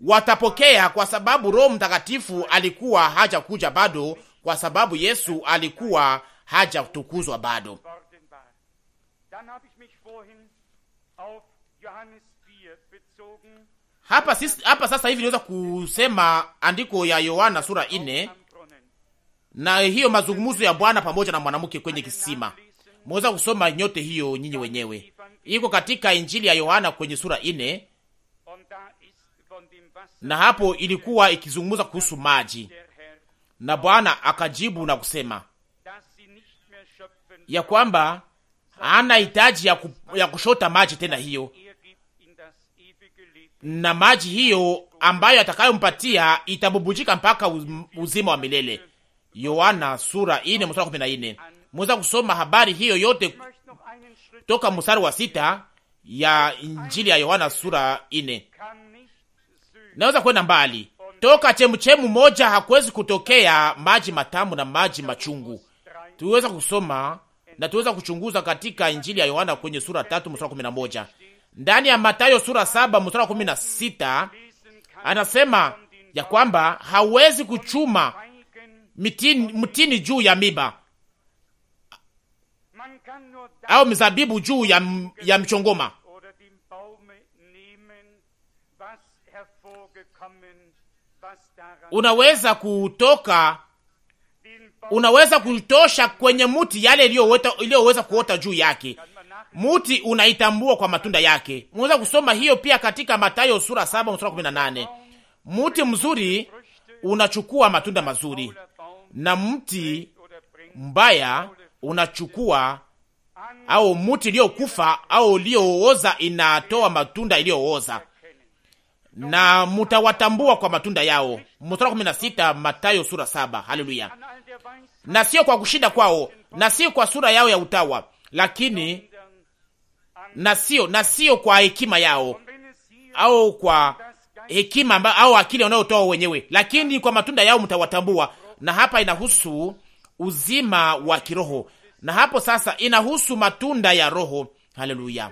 watapokea, kwa sababu Roho Mtakatifu alikuwa hajakuja bado, kwa sababu Yesu alikuwa hajatukuzwa bado. Hapa, hapa sasa hivi niweza kusema andiko ya Yohana sura na hiyo mazungumzo ya Bwana pamoja na mwanamke kwenye kisima. Mweza kusoma nyote hiyo nyinyi wenyewe, iko katika Injili ya Yohana kwenye sura ine, na hapo ilikuwa ikizungumza kuhusu maji, na Bwana akajibu na kusema ya kwamba hana hitaji ya, ku, ya kushota maji tena hiyo na maji hiyo ambayo atakayompatia itabubujika mpaka uzima wa milele. Yohana sura ine mstari wa kumi na ine mweza kusoma habari hiyo yote toka mstari wa sita ya Injili ya Yohana sura ine. Naweza kwenda mbali, toka chemuchemu moja hakuwezi kutokea maji matamu na maji machungu. Tuweza kusoma na tuweza kuchunguza katika Injili ya Yohana kwenye sura tatu mstari wa kumi na moja ndani ya Matayo sura saba mstari wa kumi na sita anasema ya kwamba hawezi kuchuma mitini, mtini juu ya miba au mizabibu juu ya, ya mchongoma. Unaweza kutoka, unaweza kutosha kwenye muti yale iliyoweza kuota juu yake. Muti unaitambua kwa matunda yake. Unaweza kusoma hiyo pia katika Mathayo sura 7 mstari 18. Muti mzuri unachukua matunda mazuri na mti mbaya unachukua au mti uliokufa au uliooza inatoa matunda iliyooza, na mutawatambua kwa matunda yao. Mstari kumi na sita Matayo sura saba. Haleluya! Na sio kwa kushinda kwao na sio kwa sura yao ya utawa, lakini na sio na sio kwa hekima yao au kwa hekima au akili wanayotoa wenyewe, lakini kwa matunda yao mtawatambua na hapa inahusu uzima wa kiroho, na hapo sasa inahusu matunda ya Roho. Haleluya!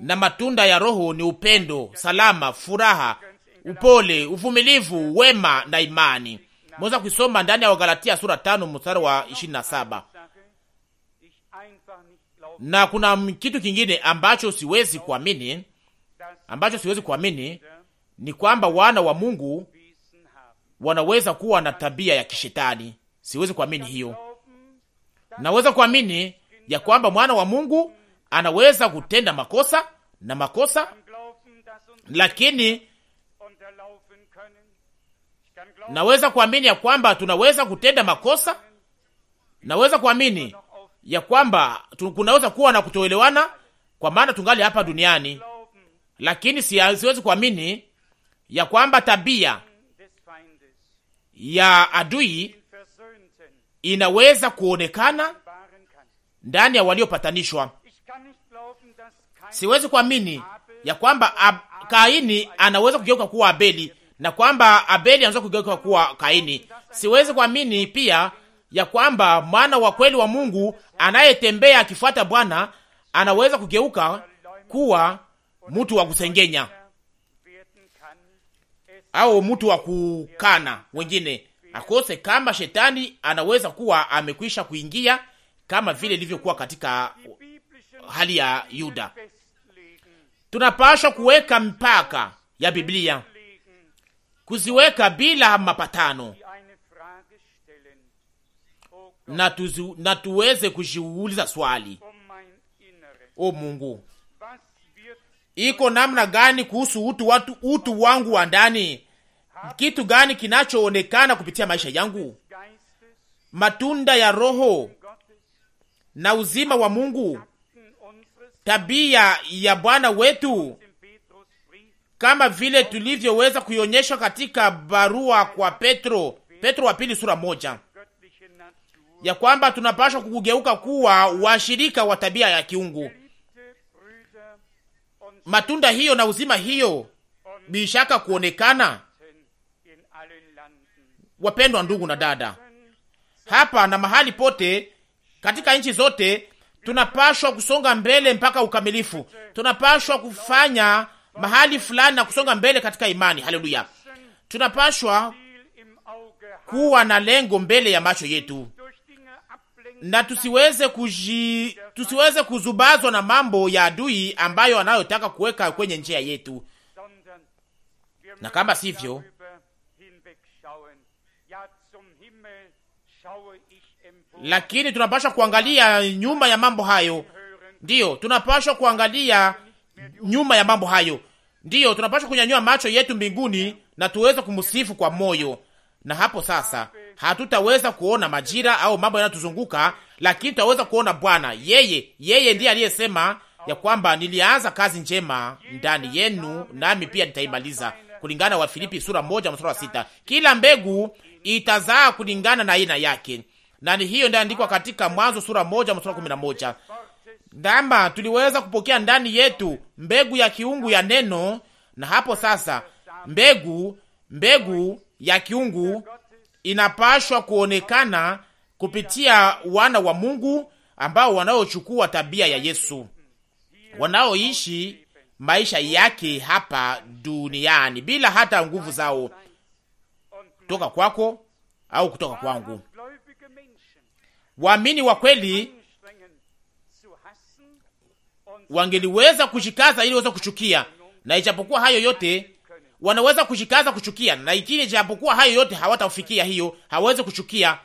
Na matunda ya Roho ni upendo, salama, furaha, upole, uvumilivu, wema na imani. Mweza kuisoma ndani ya Wagalatia sura tano mstari wa ishirini na saba. Na kuna kitu kingine ambacho siwezi kuamini ambacho siwezi kuamini ni kwamba wana wa Mungu wanaweza kuwa na tabia ya kishetani. Siwezi kuamini hiyo. Naweza kuamini ya kwamba mwana wa Mungu anaweza kutenda makosa na makosa, lakini naweza kuamini ya kwamba tunaweza kutenda makosa. Naweza kuamini ya kwamba kunaweza kuwa na kutoelewana, kwa maana tungali hapa duniani, lakini siwezi kuamini ya kwamba tabia ya adui inaweza kuonekana ndani ya waliopatanishwa. Siwezi kuamini ya kwamba Ab Kaini anaweza kugeuka kuwa Abeli na kwamba Abeli anaweza kugeuka kuwa Kaini. Siwezi kuamini pia ya kwamba mwana wa kweli wa Mungu anayetembea akifuata Bwana anaweza kugeuka kuwa mtu wa kusengenya au mtu wa kukana wengine akose kama shetani anaweza kuwa amekwisha kuingia kama vile ilivyokuwa katika hali ya Yuda. Tunapashwa kuweka mpaka ya Biblia, kuziweka bila mapatano, na, tuzi, na tuweze kujiuliza swali, o Mungu, iko namna gani kuhusu utu, watu, utu wangu wa ndani kitu gani kinachoonekana kupitia maisha yangu? Matunda ya Roho na uzima wa Mungu, tabia ya Bwana wetu, kama vile tulivyoweza kuionyeshwa katika barua kwa Petro, Petro wa pili sura moja, ya kwamba tunapashwa kugeuka kuwa washirika wa tabia ya kiungu. Matunda hiyo na uzima hiyo bishaka kuonekana Wapendwa ndugu na dada, hapa na mahali pote katika nchi zote tunapashwa kusonga mbele mpaka ukamilifu. Tunapashwa kufanya mahali fulani na kusonga mbele katika imani. Haleluya! Tunapashwa kuwa na lengo mbele ya macho yetu na tusiweze kuji, tusiweze kuzubazwa na mambo ya adui ambayo anayotaka kuweka kwenye njia yetu, na kama sivyo lakini tunapashwa kuangalia nyuma ya mambo hayo. Ndiyo, tunapasha kuangalia nyuma ya mambo hayo. Ndiyo, tunapashwa kunyanyua macho yetu mbinguni na tuweze kumsifu kwa moyo, na hapo sasa hatutaweza kuona majira au mambo yanayotuzunguka, lakini tutaweza kuona Bwana. Yeye yeye ndiye aliyesema ya kwamba nilianza kazi njema ndani yenu, nami pia nitaimaliza, kulingana wa Filipi sura moja mstari wa sita. Kila mbegu itazaa kulingana na aina yake, na hiyo ndiyo andikwa katika Mwanzo sura moja mstari kumi na moja damba tuliweza kupokea ndani yetu mbegu ya kiungu ya neno, na hapo sasa mbegu mbegu ya kiungu inapashwa kuonekana kupitia wana wa Mungu ambao wanaochukua tabia ya Yesu, wanaoishi maisha yake hapa duniani bila hata nguvu zao, toka kwako au kutoka kwangu. Waamini wa kweli wangeliweza kushikaza ili waweze kuchukia, na ijapokuwa hayo yote wanaweza kushikaza kuchukia, na ikini, ijapokuwa hayo yote hawatafikia hiyo, hawawezi kuchukia.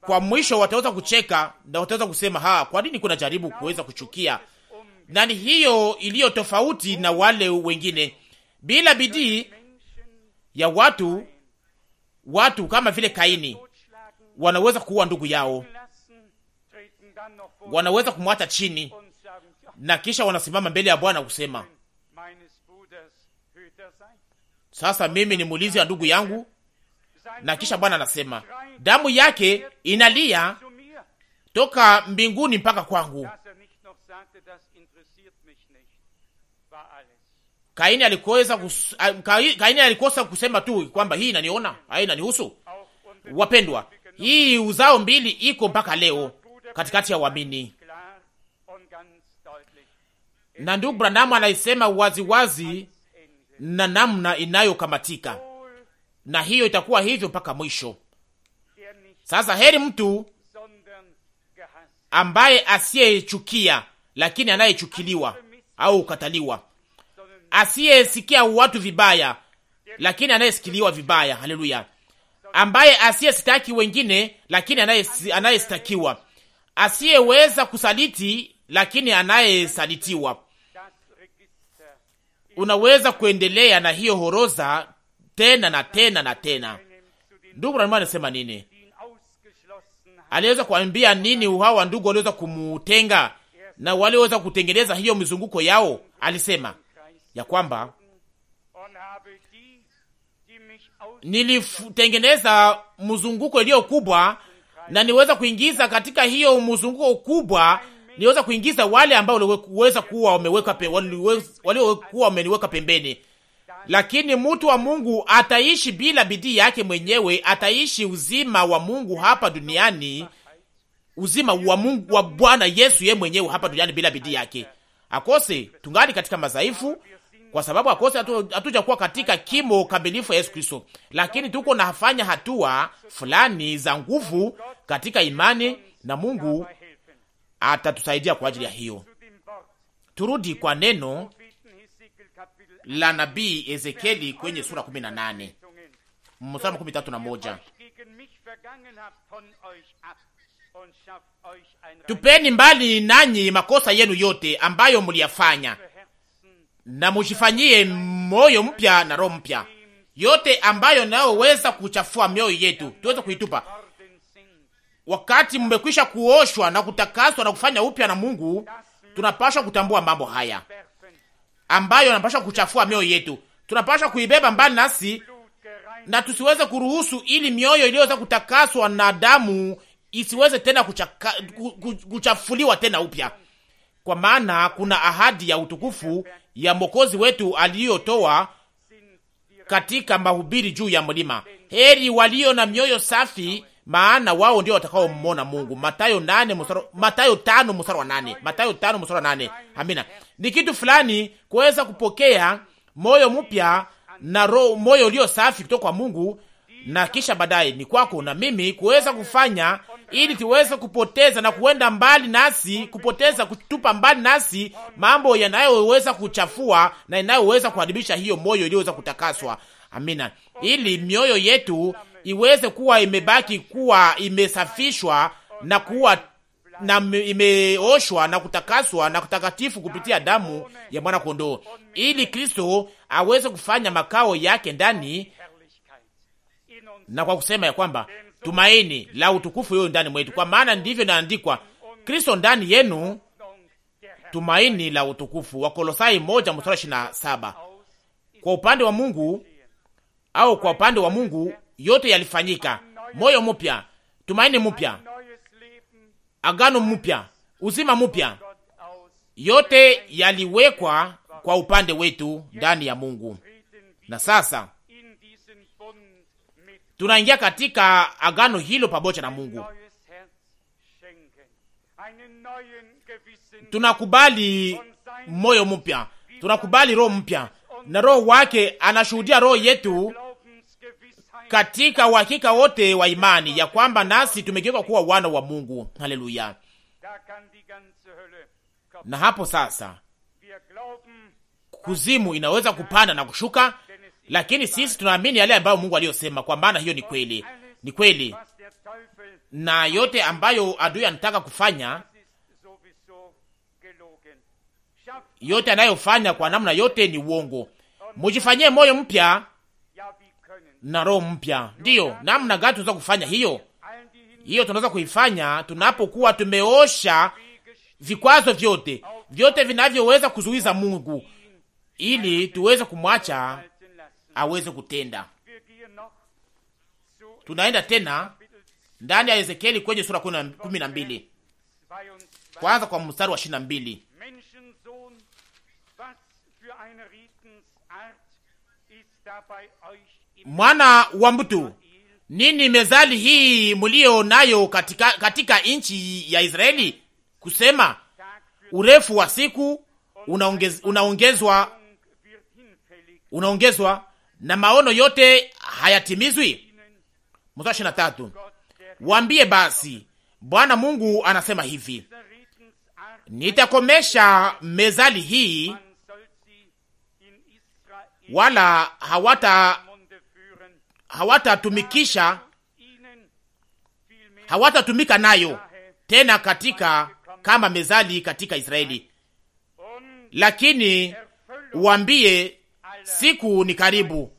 Kwa mwisho wataweza kucheka na wataweza kusema ha, kwa nini kuna jaribu kuweza kuchukia? Na ni hiyo iliyo tofauti na wale wengine. Bila bidii ya watu watu kama vile Kaini wanaweza kuua ndugu yao, wanaweza kumwacha chini na kisha wanasimama mbele ya Bwana kusema, sasa mimi ni mulizi ya ndugu yangu. Na kisha Bwana anasema damu yake inalia toka mbinguni mpaka kwangu, Kaini alikosa kus, Kaini alikosa kusema tu kwamba hii inaniona, hii inanihusu. Wapendwa, hii uzao mbili iko mpaka leo katikati ya waamini, na ndugu Branham anaisema waziwazi na namna inayokamatika, na hiyo itakuwa hivyo mpaka mwisho. Sasa heri mtu ambaye asiyechukia, lakini anayechukiliwa au kataliwa asiyesikia watu vibaya, lakini anayesikiliwa vibaya. Haleluya! ambaye asiyestaki wengine, lakini anayestakiwa, asiyeweza kusaliti, lakini anayesalitiwa. Unaweza kuendelea na hiyo horoza tena na tena na tena. Ndugu Branham anasema nini? Aliweza kuambia nini hawa ndugu waliweza kumutenga na waliweza kutengeneza hiyo mizunguko yao? Alisema ya kwamba nilitengeneza mzunguko iliyo kubwa na niweza kuingiza katika hiyo mzunguko kubwa, niweza kuingiza wale ambao waliweza kuwa wameweka pe, waliokuwa wameniweka pembeni. Lakini mtu wa Mungu ataishi bila bidii yake mwenyewe, ataishi uzima wa Mungu hapa duniani, uzima wa Mungu wa Bwana Yesu ye mwenyewe hapa duniani bila bidii yake akose. Tungali katika madhaifu, kwa sababu akose hatujakuwa katika kimo kamilifu ya Yesu Kristo, lakini tuko nafanya hatua fulani za nguvu katika imani na Mungu atatusaidia kwa ajili ya hiyo. Turudi kwa neno la nabii Ezekieli kwenye sura 18 mstari makumi tatu na moja tupeni mbali nanyi makosa yenu yote ambayo mliyafanya na mujifanyie moyo mpya na roho mpya, yote ambayo nayoweza kuchafua mioyo yetu tuweze kuitupa wakati mmekwisha kuoshwa na kutakaswa na kufanya upya na Mungu. Tunapaswa kutambua mambo haya ambayo yanapaswa kuchafua mioyo yetu, tunapaswa kuibeba mbali nasi na tusiweze kuruhusu ili mioyo iliyoweza kutakaswa na damu isiweze tena kuchaka, kuchafuliwa tena upya, kwa maana kuna ahadi ya utukufu ya Mwokozi wetu aliyotoa katika mahubiri juu ya mlima. Heri walio na mioyo safi, maana wao ndio watakaomwona Mungu. Mathayo nane mstari Mathayo tano mstari wa nane Mathayo tano mstari wa nane Amina. Ni kitu fulani kuweza kupokea moyo mpya na roho, moyo ulio safi kutoka kwa Mungu na kisha baadaye ni kwako na mimi kuweza kufanya ili tuweze kupoteza na kuenda mbali nasi, kupoteza kutupa mbali nasi mambo yanayoweza kuchafua na inayoweza kuharibisha hiyo moyo iliyoweza kutakaswa. Amina, ili mioyo yetu iweze kuwa imebaki kuwa imesafishwa na kuwa na imeoshwa na kutakaswa na kutakatifu kupitia damu ya mwana kondoo, ili Kristo aweze kufanya makao yake ndani na kwa kusema ya kwamba tumaini la utukufu yoyo ndani mwetu, kwa maana ndivyo inaandikwa, Kristo ndani yenu, tumaini la utukufu. Wakolosai moja mstari ishirini na saba. Kwa upande wa Mungu au kwa upande wa Mungu yote yalifanyika: moyo mpya, tumaini mpya, agano mpya, uzima mpya, yote yaliwekwa kwa upande wetu ndani ya Mungu. Na sasa tunaingia katika agano hilo pamoja na Mungu, tunakubali moyo mpya, tunakubali roho mpya, na roho wake anashuhudia roho yetu katika uhakika wote wa imani ya kwamba nasi tumegeuka kuwa wana wa Mungu. Haleluya! Na hapo sasa kuzimu inaweza kupanda na kushuka, lakini sisi tunaamini yale ambayo Mungu aliyosema, kwa maana hiyo ni kweli, ni kweli, na yote ambayo adui anataka kufanya, yote anayofanya kwa namna yote ni uongo. Mujifanyie moyo mpya na roho mpya. Ndiyo namna gani tunaweza kufanya hiyo? Hiyo tunaweza kuifanya tunapokuwa tumeosha vikwazo vyote vyote vinavyoweza kuzuiza Mungu ili tuweze kumwacha aweze kutenda. Tunaenda tena ndani ya Ezekieli kwenye sura kumi na mbili kwanza kwa mstari wa ishirini na mbili mwana wa mtu, nini mezali hii mulio nayo katika, katika nchi ya Israeli kusema urefu wa siku unaongezwa unaongezwa, unaongezwa na maono yote hayatimizwi? Mstari ishirini na tatu. Waambie basi Bwana Mungu anasema hivi, nitakomesha mezali hii, wala hawata hawatatumikisha hawatatumika nayo tena katika kama mezali katika Israeli, lakini uambie siku ni karibu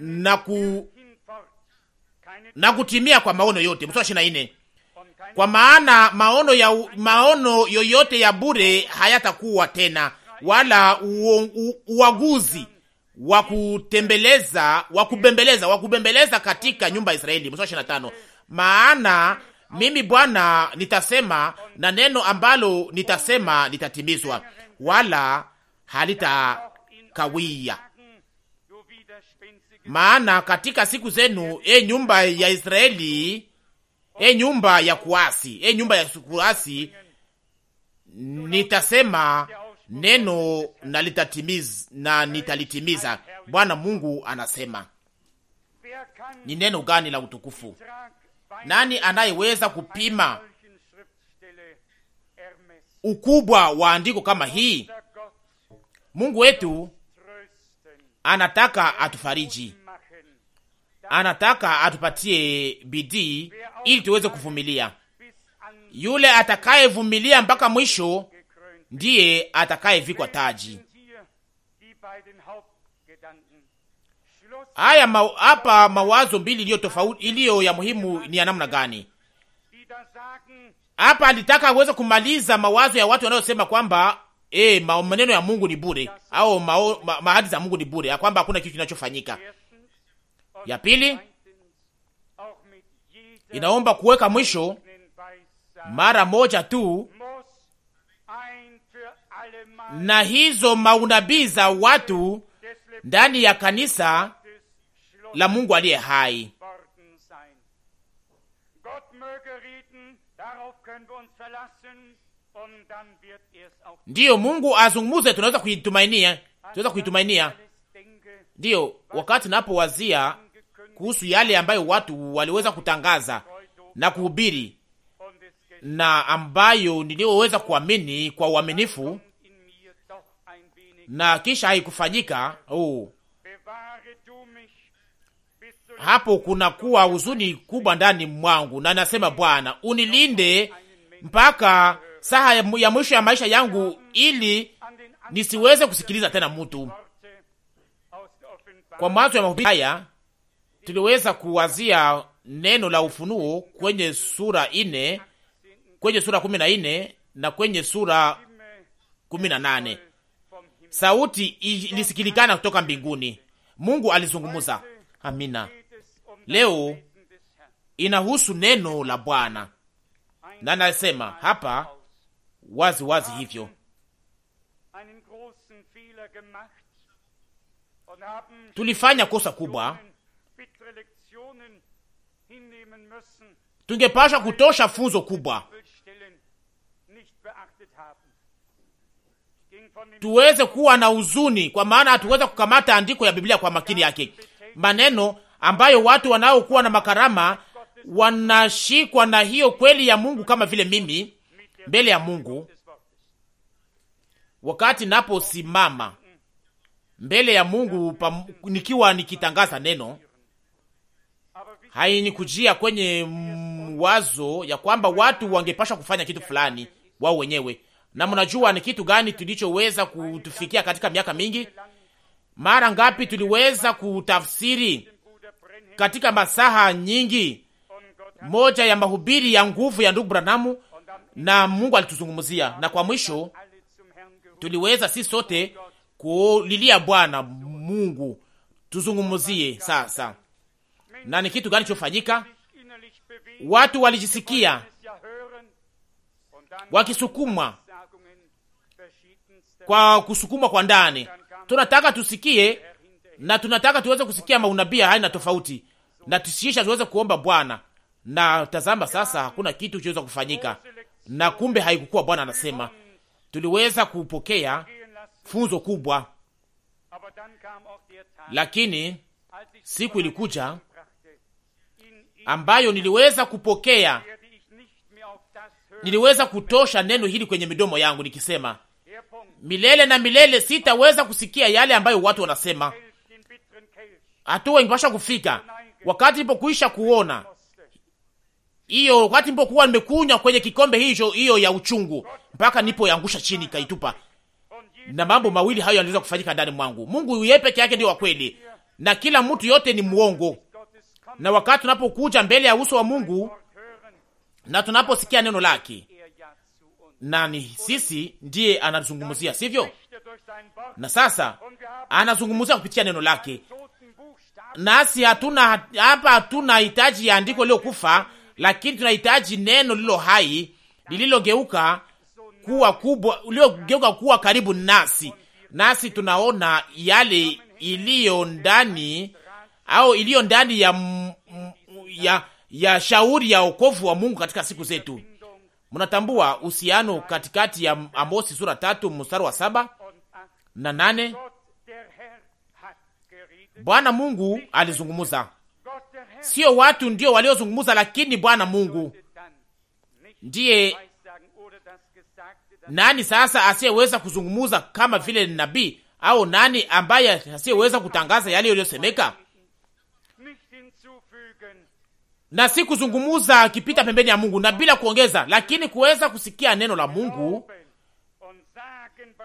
na, ku, na kutimia kwa maono yote. Mstari ishirini na nne kwa maana maono ya maono yoyote ya bure hayatakuwa tena, wala uaguzi wa kutembeleza wa kubembeleza wa kubembeleza katika nyumba ya Israeli. Mstari ishirini na tano maana mimi Bwana nitasema na neno ambalo nitasema litatimizwa, wala halitakawia maana katika siku zenu, e nyumba ya Israeli, e nyumba ya kuasi, e nyumba ya kuasi, nitasema neno na litatimiza, na nitalitimiza. Bwana Mungu anasema. Ni neno gani la utukufu! Nani anayeweza kupima ukubwa wa andiko kama hii? Mungu wetu anataka atufariji, anataka atupatie bidii ili tuweze kuvumilia. Yule atakayevumilia mpaka mwisho ndiye atakayevikwa taji. Haya ma, hapa mawazo mbili iliyo tofauti, iliyo ya muhimu ni ya namna gani? Hapa alitaka aweze kumaliza mawazo ya watu wanayosema kwamba e, maneno ya Mungu ni bure au ma, ma, mahadi za Mungu ni bure, kwamba hakuna kitu kinachofanyika ya pili inaomba kuweka mwisho mara moja tu na hizo maunabii za watu ndani ya kanisa la Mungu aliye hai. Ndiyo, Mungu azungumuze, tunaweza kuitumainia, tunaweza kuitumainia. Ndiyo, wakati napowazia kuhusu yale ambayo watu waliweza kutangaza na kuhubiri na ambayo niliyoweza kuamini kwa uaminifu na kisha haikufanyika. Oh, hapo kunakuwa huzuni kubwa ndani mwangu, na nasema Bwana, unilinde mpaka saa ya mwisho ya maisha yangu, ili nisiweze kusikiliza tena mtu. Kwa mwanzo ya mahubiri haya tuliweza kuwazia neno la ufunuo kwenye sura ine, kwenye sura kumi na ine na kwenye sura kumi na nane sauti ilisikilikana kutoka mbinguni, Mungu alizungumuza. Amina. Leo inahusu neno la Bwana na nasema hapa wazi wazi hivyo tulifanya kosa kubwa tungepasha kutosha funzo kubwa tuweze kuwa na huzuni, kwa maana hatuweza kukamata andiko ya Biblia kwa makini yake, maneno ambayo watu wanaokuwa na makarama wanashikwa na hiyo kweli ya Mungu, kama vile mimi mbele ya Mungu, wakati naposimama mbele ya Mungu nikiwa nikitangaza neno haini kujia kwenye wazo ya kwamba watu wangepasha kufanya kitu fulani wao wenyewe. Na mnajua ni kitu gani tulichoweza kutufikia katika miaka mingi? Mara ngapi tuliweza kutafsiri katika masaha nyingi moja ya mahubiri ya nguvu ya ndugu Branamu, na Mungu alituzungumzia, na kwa mwisho tuliweza si sote kulilia Bwana Mungu tuzungumzie sasa na ni kitu gani chofanyika? Watu walijisikia wakisukumwa kwa kusukumwa kwa ndani. Tunataka tusikie na tunataka tuweze kusikia maunabii haina tofauti, na tusiisha tuweze kuomba Bwana. Na tazama sasa, hakuna kitu chiweza kufanyika, na kumbe haikukuwa Bwana anasema. Tuliweza kupokea funzo kubwa, lakini siku ilikuja ambayo niliweza kupokea, niliweza kutosha neno hili kwenye midomo yangu nikisema, milele na milele sitaweza kusikia yale ambayo watu wanasema. Hatua ingepasha kufika wakati nilipokuisha kuona hiyo, wakati nilipokuwa nimekunywa kwenye kikombe hicho hiyo ya uchungu, mpaka nipo yangusha chini kaitupa. Na mambo mawili hayo yanaweza kufanyika ndani mwangu. Mungu yeye peke yake ndiye wa kweli, na kila mtu yote ni mwongo na wakati tunapokuja mbele ya uso wa Mungu na tunaposikia neno lake, nani sisi? Ndiye anazungumzia, sivyo? Na sasa anazungumzia kupitia neno lake, nasi hatuna hapa, hatuna hitaji ya andiko lililokufa, lakini tunahitaji neno lilo hai lililogeuka kuwa kubwa, lililogeuka kuwa karibu nasi, nasi tunaona yale iliyo ndani au iliyo ndani ya, ya, ya shauri ya wokovu wa Mungu katika siku zetu. Mnatambua uhusiano katikati ya Amosi sura tatu mstari wa saba na nane. Bwana Mungu alizungumuza, sio watu ndio waliozungumuza, lakini Bwana Mungu ndiye nani sasa asiyeweza kuzungumuza kama vile nabii? Au nani ambaye asiyeweza kutangaza yale yaliyosemeka? na si kuzungumuza akipita pembeni ya Mungu na bila kuongeza, lakini kuweza kusikia neno la Mungu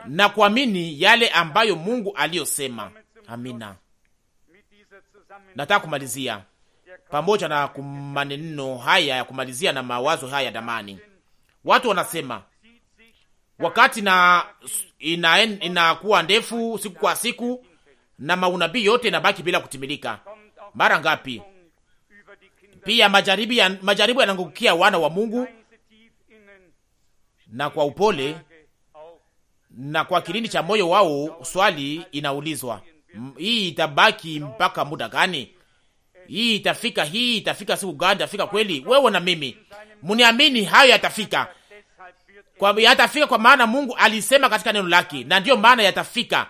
na kuamini yale ambayo Mungu aliyosema. Amina. Nataka kumalizia pamoja na maneno haya ya kumalizia na mawazo haya damani. Watu wanasema wakati na inakuwa ina ndefu siku kwa siku, na maunabii yote inabaki bila kutimilika. Mara ngapi pia majaribu ya, majaribu yanangukia wana wa Mungu na kwa upole na kwa kilindi cha moyo wao, swali inaulizwa, hii itabaki mpaka muda gani? Hii itafika, hii itafika siku gani? Itafika kweli? Wewe na mimi mniamini, hayo yatafika, kwa yatafika, kwa maana Mungu alisema katika neno lake, na ndiyo maana yatafika.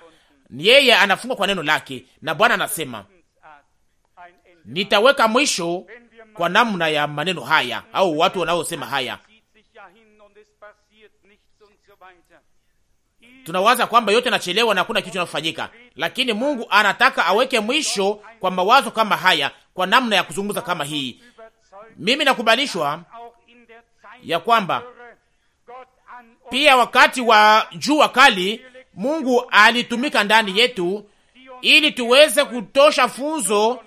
Yeye anafunga kwa neno lake, na Bwana anasema nitaweka mwisho kwa namna ya maneno haya au watu wanaosema haya. Tunawaza kwamba yote nachelewa na hakuna kitu kinachofanyika, lakini Mungu anataka aweke mwisho kwa mawazo kama haya, kwa namna ya kuzungumza kama hii. Mimi nakubalishwa ya kwamba pia wakati wa jua kali Mungu alitumika ndani yetu ili tuweze kutosha funzo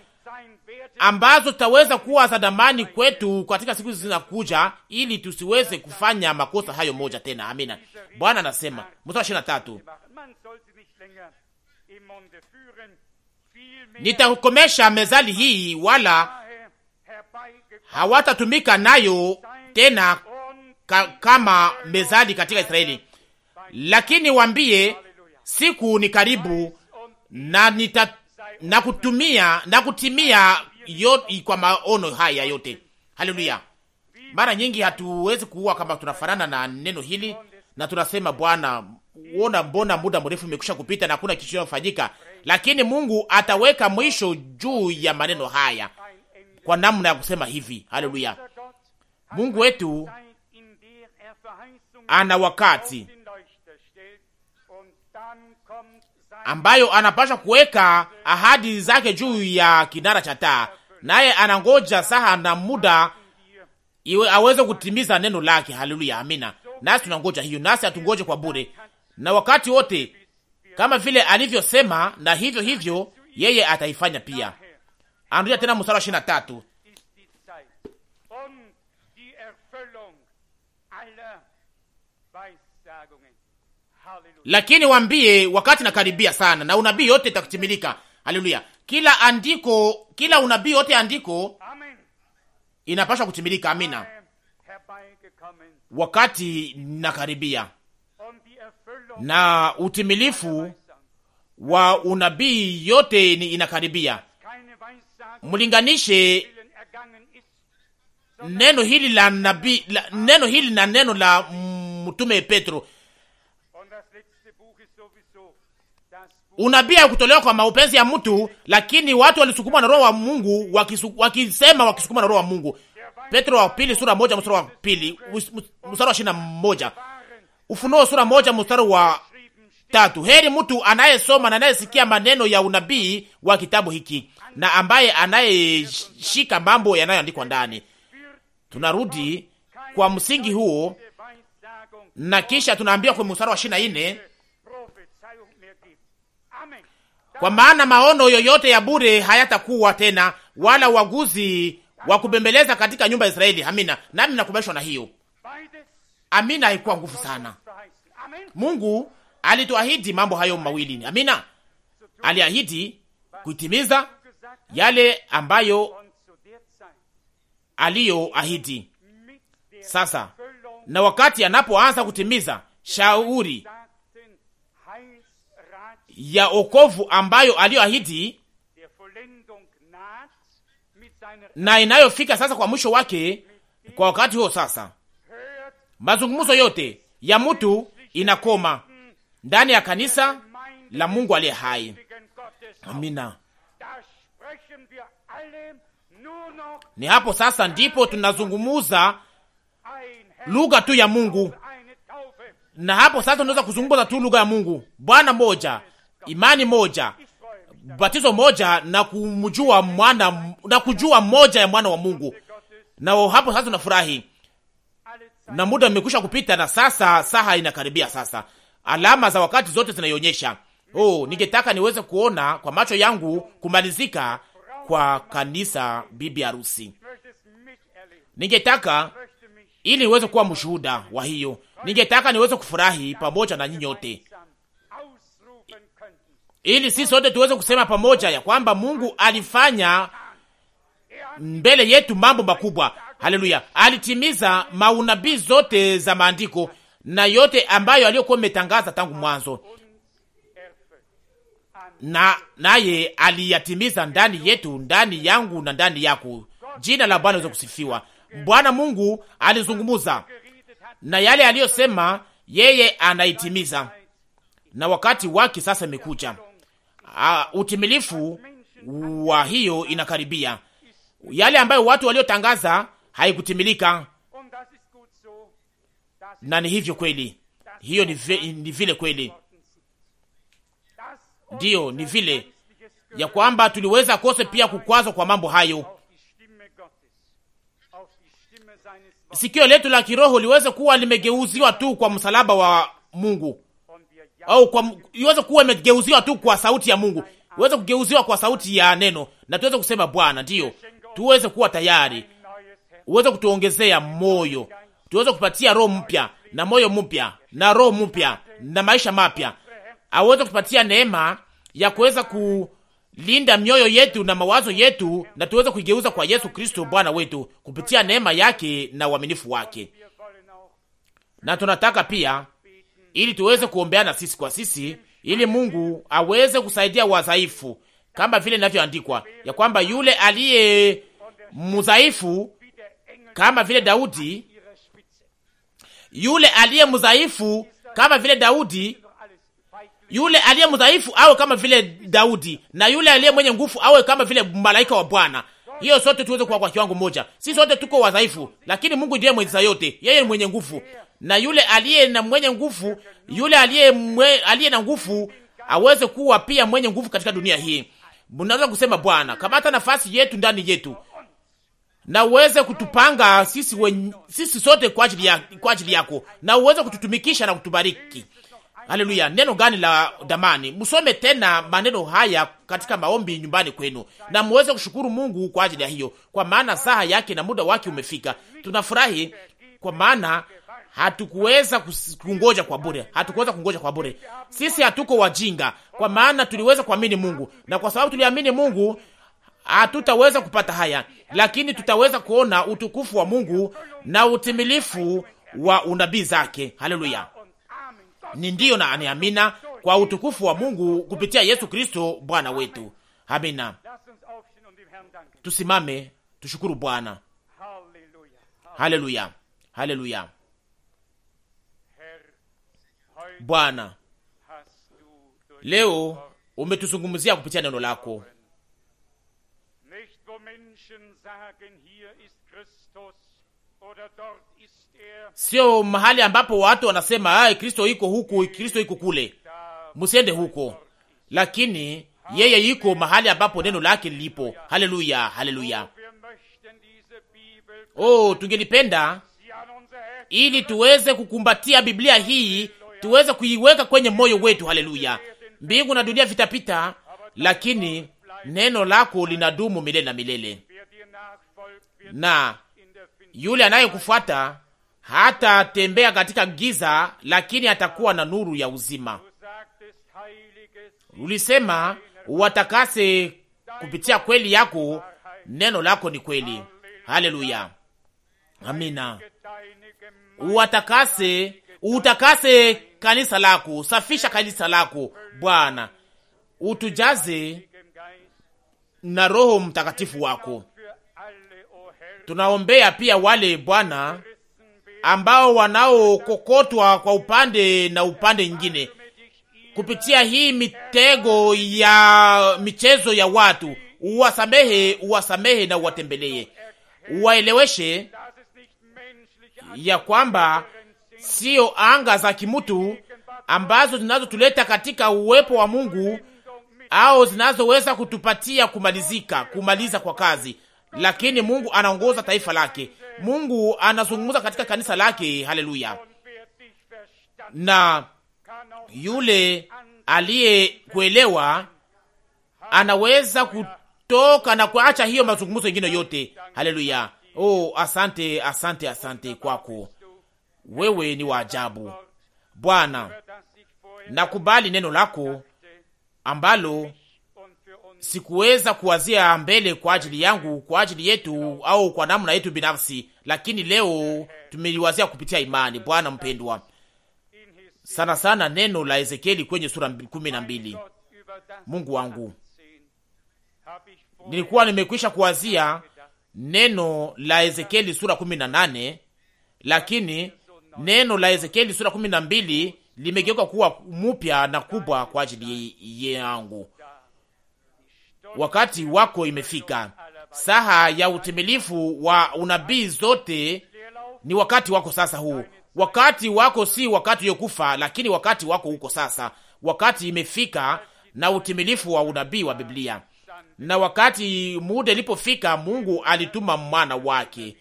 ambazo tutaweza kuwa za damani kwetu katika siku zinakuja, ili tusiweze kufanya makosa hayo moja tena. Amina. Bwana anasema mstari ishirini na tatu, nitakomesha mezali hii, wala hawatatumika nayo tena ka, kama mezali katika Israeli. Lakini wambie siku ni karibu na nita, na kutumia na kutimia yote kwa maono haya yote. Haleluya! Mara nyingi hatuwezi kuua kama tunafanana na neno hili na tunasema Bwana, uona, mbona muda mrefu umekwisha kupita na hakuna kitu kinachofanyika, lakini Mungu ataweka mwisho juu ya maneno haya kwa namna ya kusema hivi. Haleluya! Mungu wetu ana wakati ambayo anapasha kuweka ahadi zake juu ya kinara cha taa, naye anangoja saha na muda iwe aweze kutimiza neno lake. Haleluya, amina. Nasi tunangoja hiyo, nasi hatungoje kwa bure, na wakati wote kama vile alivyosema, na hivyo hivyo yeye ataifanya pia. Anarudia tena mstari wa ishirini na tatu lakini wambie wakati nakaribia sana, na unabii yote itakutimilika Haleluya! Kila andiko, kila unabii wote andiko inapaswa kutimilika. Amina, wakati nakaribia na utimilifu wa unabii yote inakaribia. Mlinganishe neno hili la nabii, neno hili na neno la mtume Petro unabii haikutolewa kwa maupenzi ya mtu, lakini watu walisukumwa na roho wa Mungu wakisu, wakisema wakisukumwa na roho wa Mungu. Petro wa pili sura moja mstari wa pili mstari wa ishirini na moja Ufunuo sura moja mstari wa tatu Heri mtu anayesoma na anayesikia maneno ya unabii wa kitabu hiki na ambaye anayeshika mambo yanayoandikwa ndani. Tunarudi kwa msingi huo na kisha tunaambia kwa mstari wa ishirini na nne kwa maana maono yoyote ya bure hayatakuwa tena, wala waguzi wa kubembeleza katika nyumba ya Israeli. Amina, nami nakubalishwa na hiyo. Amina, haikuwa nguvu sana. Mungu alituahidi mambo hayo mawili. Amina, aliahidi kuitimiza yale ambayo aliyoahidi. Sasa na wakati anapoanza kutimiza shauri ya okovu ambayo aliyoahidi na inayofika sasa kwa mwisho wake kwa wakati huo. Sasa mazungumzo yote ya mtu inakoma ndani ya kanisa la Mungu aliye hai. Amina. Ni hapo sasa ndipo tunazungumuza lugha tu ya Mungu, na hapo sasa tunaweza kuzungumza tu lugha ya Mungu. Bwana moja, imani moja, batizo moja, na kumjua mwana na kujua moja ya mwana wa Mungu. Na hapo sasa tunafurahi na muda umekwisha kupita, na sasa saha inakaribia. Sasa alama za wakati zote zinaionyesha. Oh, ningetaka niweze kuona kwa macho yangu kumalizika kwa kanisa bibi harusi. Ningetaka ili niweze kuwa mshuhuda wa hiyo, ningetaka niweze kufurahi pamoja na nyinyi nyote ili sisi sote tuweze kusema pamoja ya kwamba Mungu alifanya mbele yetu mambo makubwa. Haleluya! Alitimiza maunabii zote za maandiko na yote ambayo aliyokuwa ametangaza tangu mwanzo, na naye aliyatimiza ndani yetu, ndani yangu na ndani yako. Jina la Bwana liweze kusifiwa. Bwana Mungu alizungumuza na yale aliyosema, yeye anaitimiza na wakati wake sasa imekuja. Ah, utimilifu wa hiyo inakaribia. Yale ambayo watu waliotangaza haikutimilika, na ni hivyo kweli. Hiyo ni, ve, ni vile kweli, ndiyo ni vile ya kwamba tuliweza kose pia kukwazwa kwa mambo hayo. Sikio letu la kiroho liweze kuwa limegeuziwa tu kwa msalaba wa Mungu au kwa iweze kuwa imegeuziwa tu kwa sauti ya Mungu, iweze kugeuziwa kwa sauti ya neno, na tuweze kusema Bwana, ndio tuweze kuwa tayari, uweze kutuongezea moyo, tuweze kupatia roho mpya na moyo mpya na roho mpya na maisha mapya, aweze kupatia neema ya kuweza ku linda mioyo yetu na mawazo yetu, na tuweze kuigeuza kwa Yesu Kristo Bwana wetu kupitia neema yake na uaminifu wake, na tunataka pia ili tuweze kuombeana sisi kwa sisi, ili Mungu aweze kusaidia wadhaifu, kama vile inavyoandikwa ya kwamba yule aliye mdhaifu kama vile Daudi, yule aliye mdhaifu kama vile Daudi, yule aliye mdhaifu awe kama vile Daudi, na yule aliye mwenye nguvu awe kama vile malaika wa Bwana. Hiyo sote tuweze kuwa kwa kiwango moja. Sisi sote tuko wadhaifu, lakini Mungu ndiye mweza yote, yeye ni mwenye nguvu na yule aliye na mwenye nguvu, yule aliye aliye na nguvu aweze kuwa pia mwenye nguvu katika dunia hii. Mnaweza kusema Bwana, kamata nafasi yetu ndani yetu na uweze kutupanga sisi wen, sisi sote kwa ajili ya, kwa ajili yako na uweze kututumikisha na kutubariki. Haleluya! Neno gani la damani! Msome tena maneno haya katika maombi nyumbani kwenu, na muweze kushukuru Mungu kwa ajili ya hiyo, kwa maana saha yake na muda wake umefika. Tunafurahi kwa maana hatukuweza kungoja kwa bure, hatukuweza kungoja kwa bure. Sisi hatuko wajinga, kwa maana tuliweza kuamini Mungu, na kwa sababu tuliamini Mungu hatutaweza kupata haya, lakini tutaweza kuona utukufu wa Mungu na utimilifu wa unabii zake. Haleluya! Ni ndiyo na aniamina kwa utukufu wa Mungu kupitia Yesu Kristo Bwana wetu. Amina. Tusimame tushukuru Bwana. Haleluya, haleluya, haleluya. Bwana, leo umetuzungumzia kupitia neno lako, er. sio mahali ambapo watu wanasema ai, Kristo iko huku, Kristo iko kule, musiende huko, lakini yeye iko mahali ambapo neno lake lilipo. Haleluya, haleluya! Oh, tungelipenda ili tuweze kukumbatia Biblia hii tuweze kuiweka kwenye moyo wetu. Haleluya! Mbingu na dunia vitapita, lakini neno lako linadumu milele na milele, na yule anayekufuata tembea katika giza, lakini atakuwa na nuru ya uzima. Ulisema watakase kupitia kweli yako, neno lako ni kweli. Haleluya, amina. Uwatakase, utakase kanisa lako, safisha kanisa lako Bwana, utujaze na Roho Mtakatifu wako. Tunaombea pia wale Bwana ambao wanaokokotwa kwa upande na upande nyingine kupitia hii mitego ya michezo ya watu. Uwasamehe, uwasamehe na uwatembelee, uwaeleweshe ya kwamba sio anga za kimutu ambazo zinazotuleta katika uwepo wa Mungu au zinazoweza kutupatia kumalizika kumaliza kwa kazi, lakini Mungu anaongoza taifa lake. Mungu anazungumza katika kanisa lake. Haleluya! Na yule aliyekuelewa anaweza kutoka na kuacha hiyo mazungumzo mengine yote. Haleluya! Oh, asante, asante, asante kwako wewe ni wa ajabu Bwana. Nakubali neno lako ambalo sikuweza kuwazia mbele kwa ajili yangu, kwa ajili yetu au kwa namna yetu binafsi, lakini leo tumeliwazia kupitia imani. Bwana mpendwa, sana sana neno la Ezekieli kwenye sura kumi na mbili. Mungu wangu, nilikuwa nimekwisha kuwazia neno la Ezekieli sura kumi na nane, lakini neno la Ezekieli sura kumi na mbili limegeuka kuwa mupya na kubwa kwa ajili yangu. Wakati wako imefika, saha ya utimilifu wa unabii zote ni wakati wako sasa. Huu wakati wako si wakati yokufa, lakini wakati wako huko sasa. Wakati imefika na utimilifu wa unabii wa Biblia, na wakati muda ilipofika, Mungu alituma mwana wake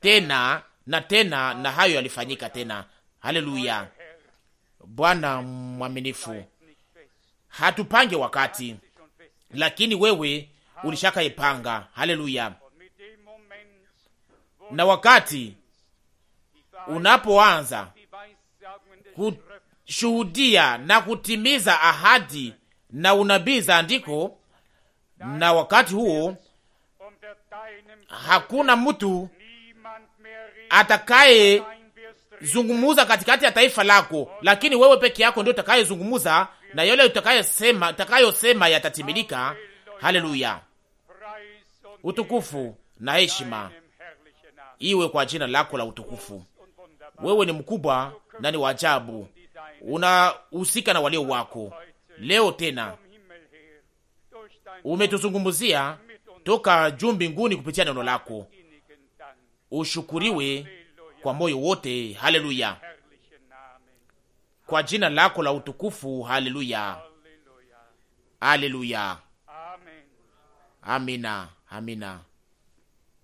tena na tena na hayo yalifanyika tena. Haleluya! Bwana mwaminifu, hatupange wakati, lakini wewe ulishakaipanga. Haleluya! Na wakati unapoanza kushuhudia na kutimiza ahadi na unabii za andiko, na wakati huo hakuna mtu atakaye zungumuza katikati ya taifa lako, lakini wewe peke yako ndio utakayezungumuza na yale utakayosema, utakayosema yatatimilika. Haleluya, utukufu na heshima iwe kwa jina lako la utukufu. Wewe ni mkubwa na ni wajabu, unahusika na walio wako. Leo tena umetuzungumzia toka juu mbinguni kupitia neno lako, ushukuriwe kwa moyo wote. Haleluya, kwa jina lako la utukufu. Haleluya, haleluya, amina, amina.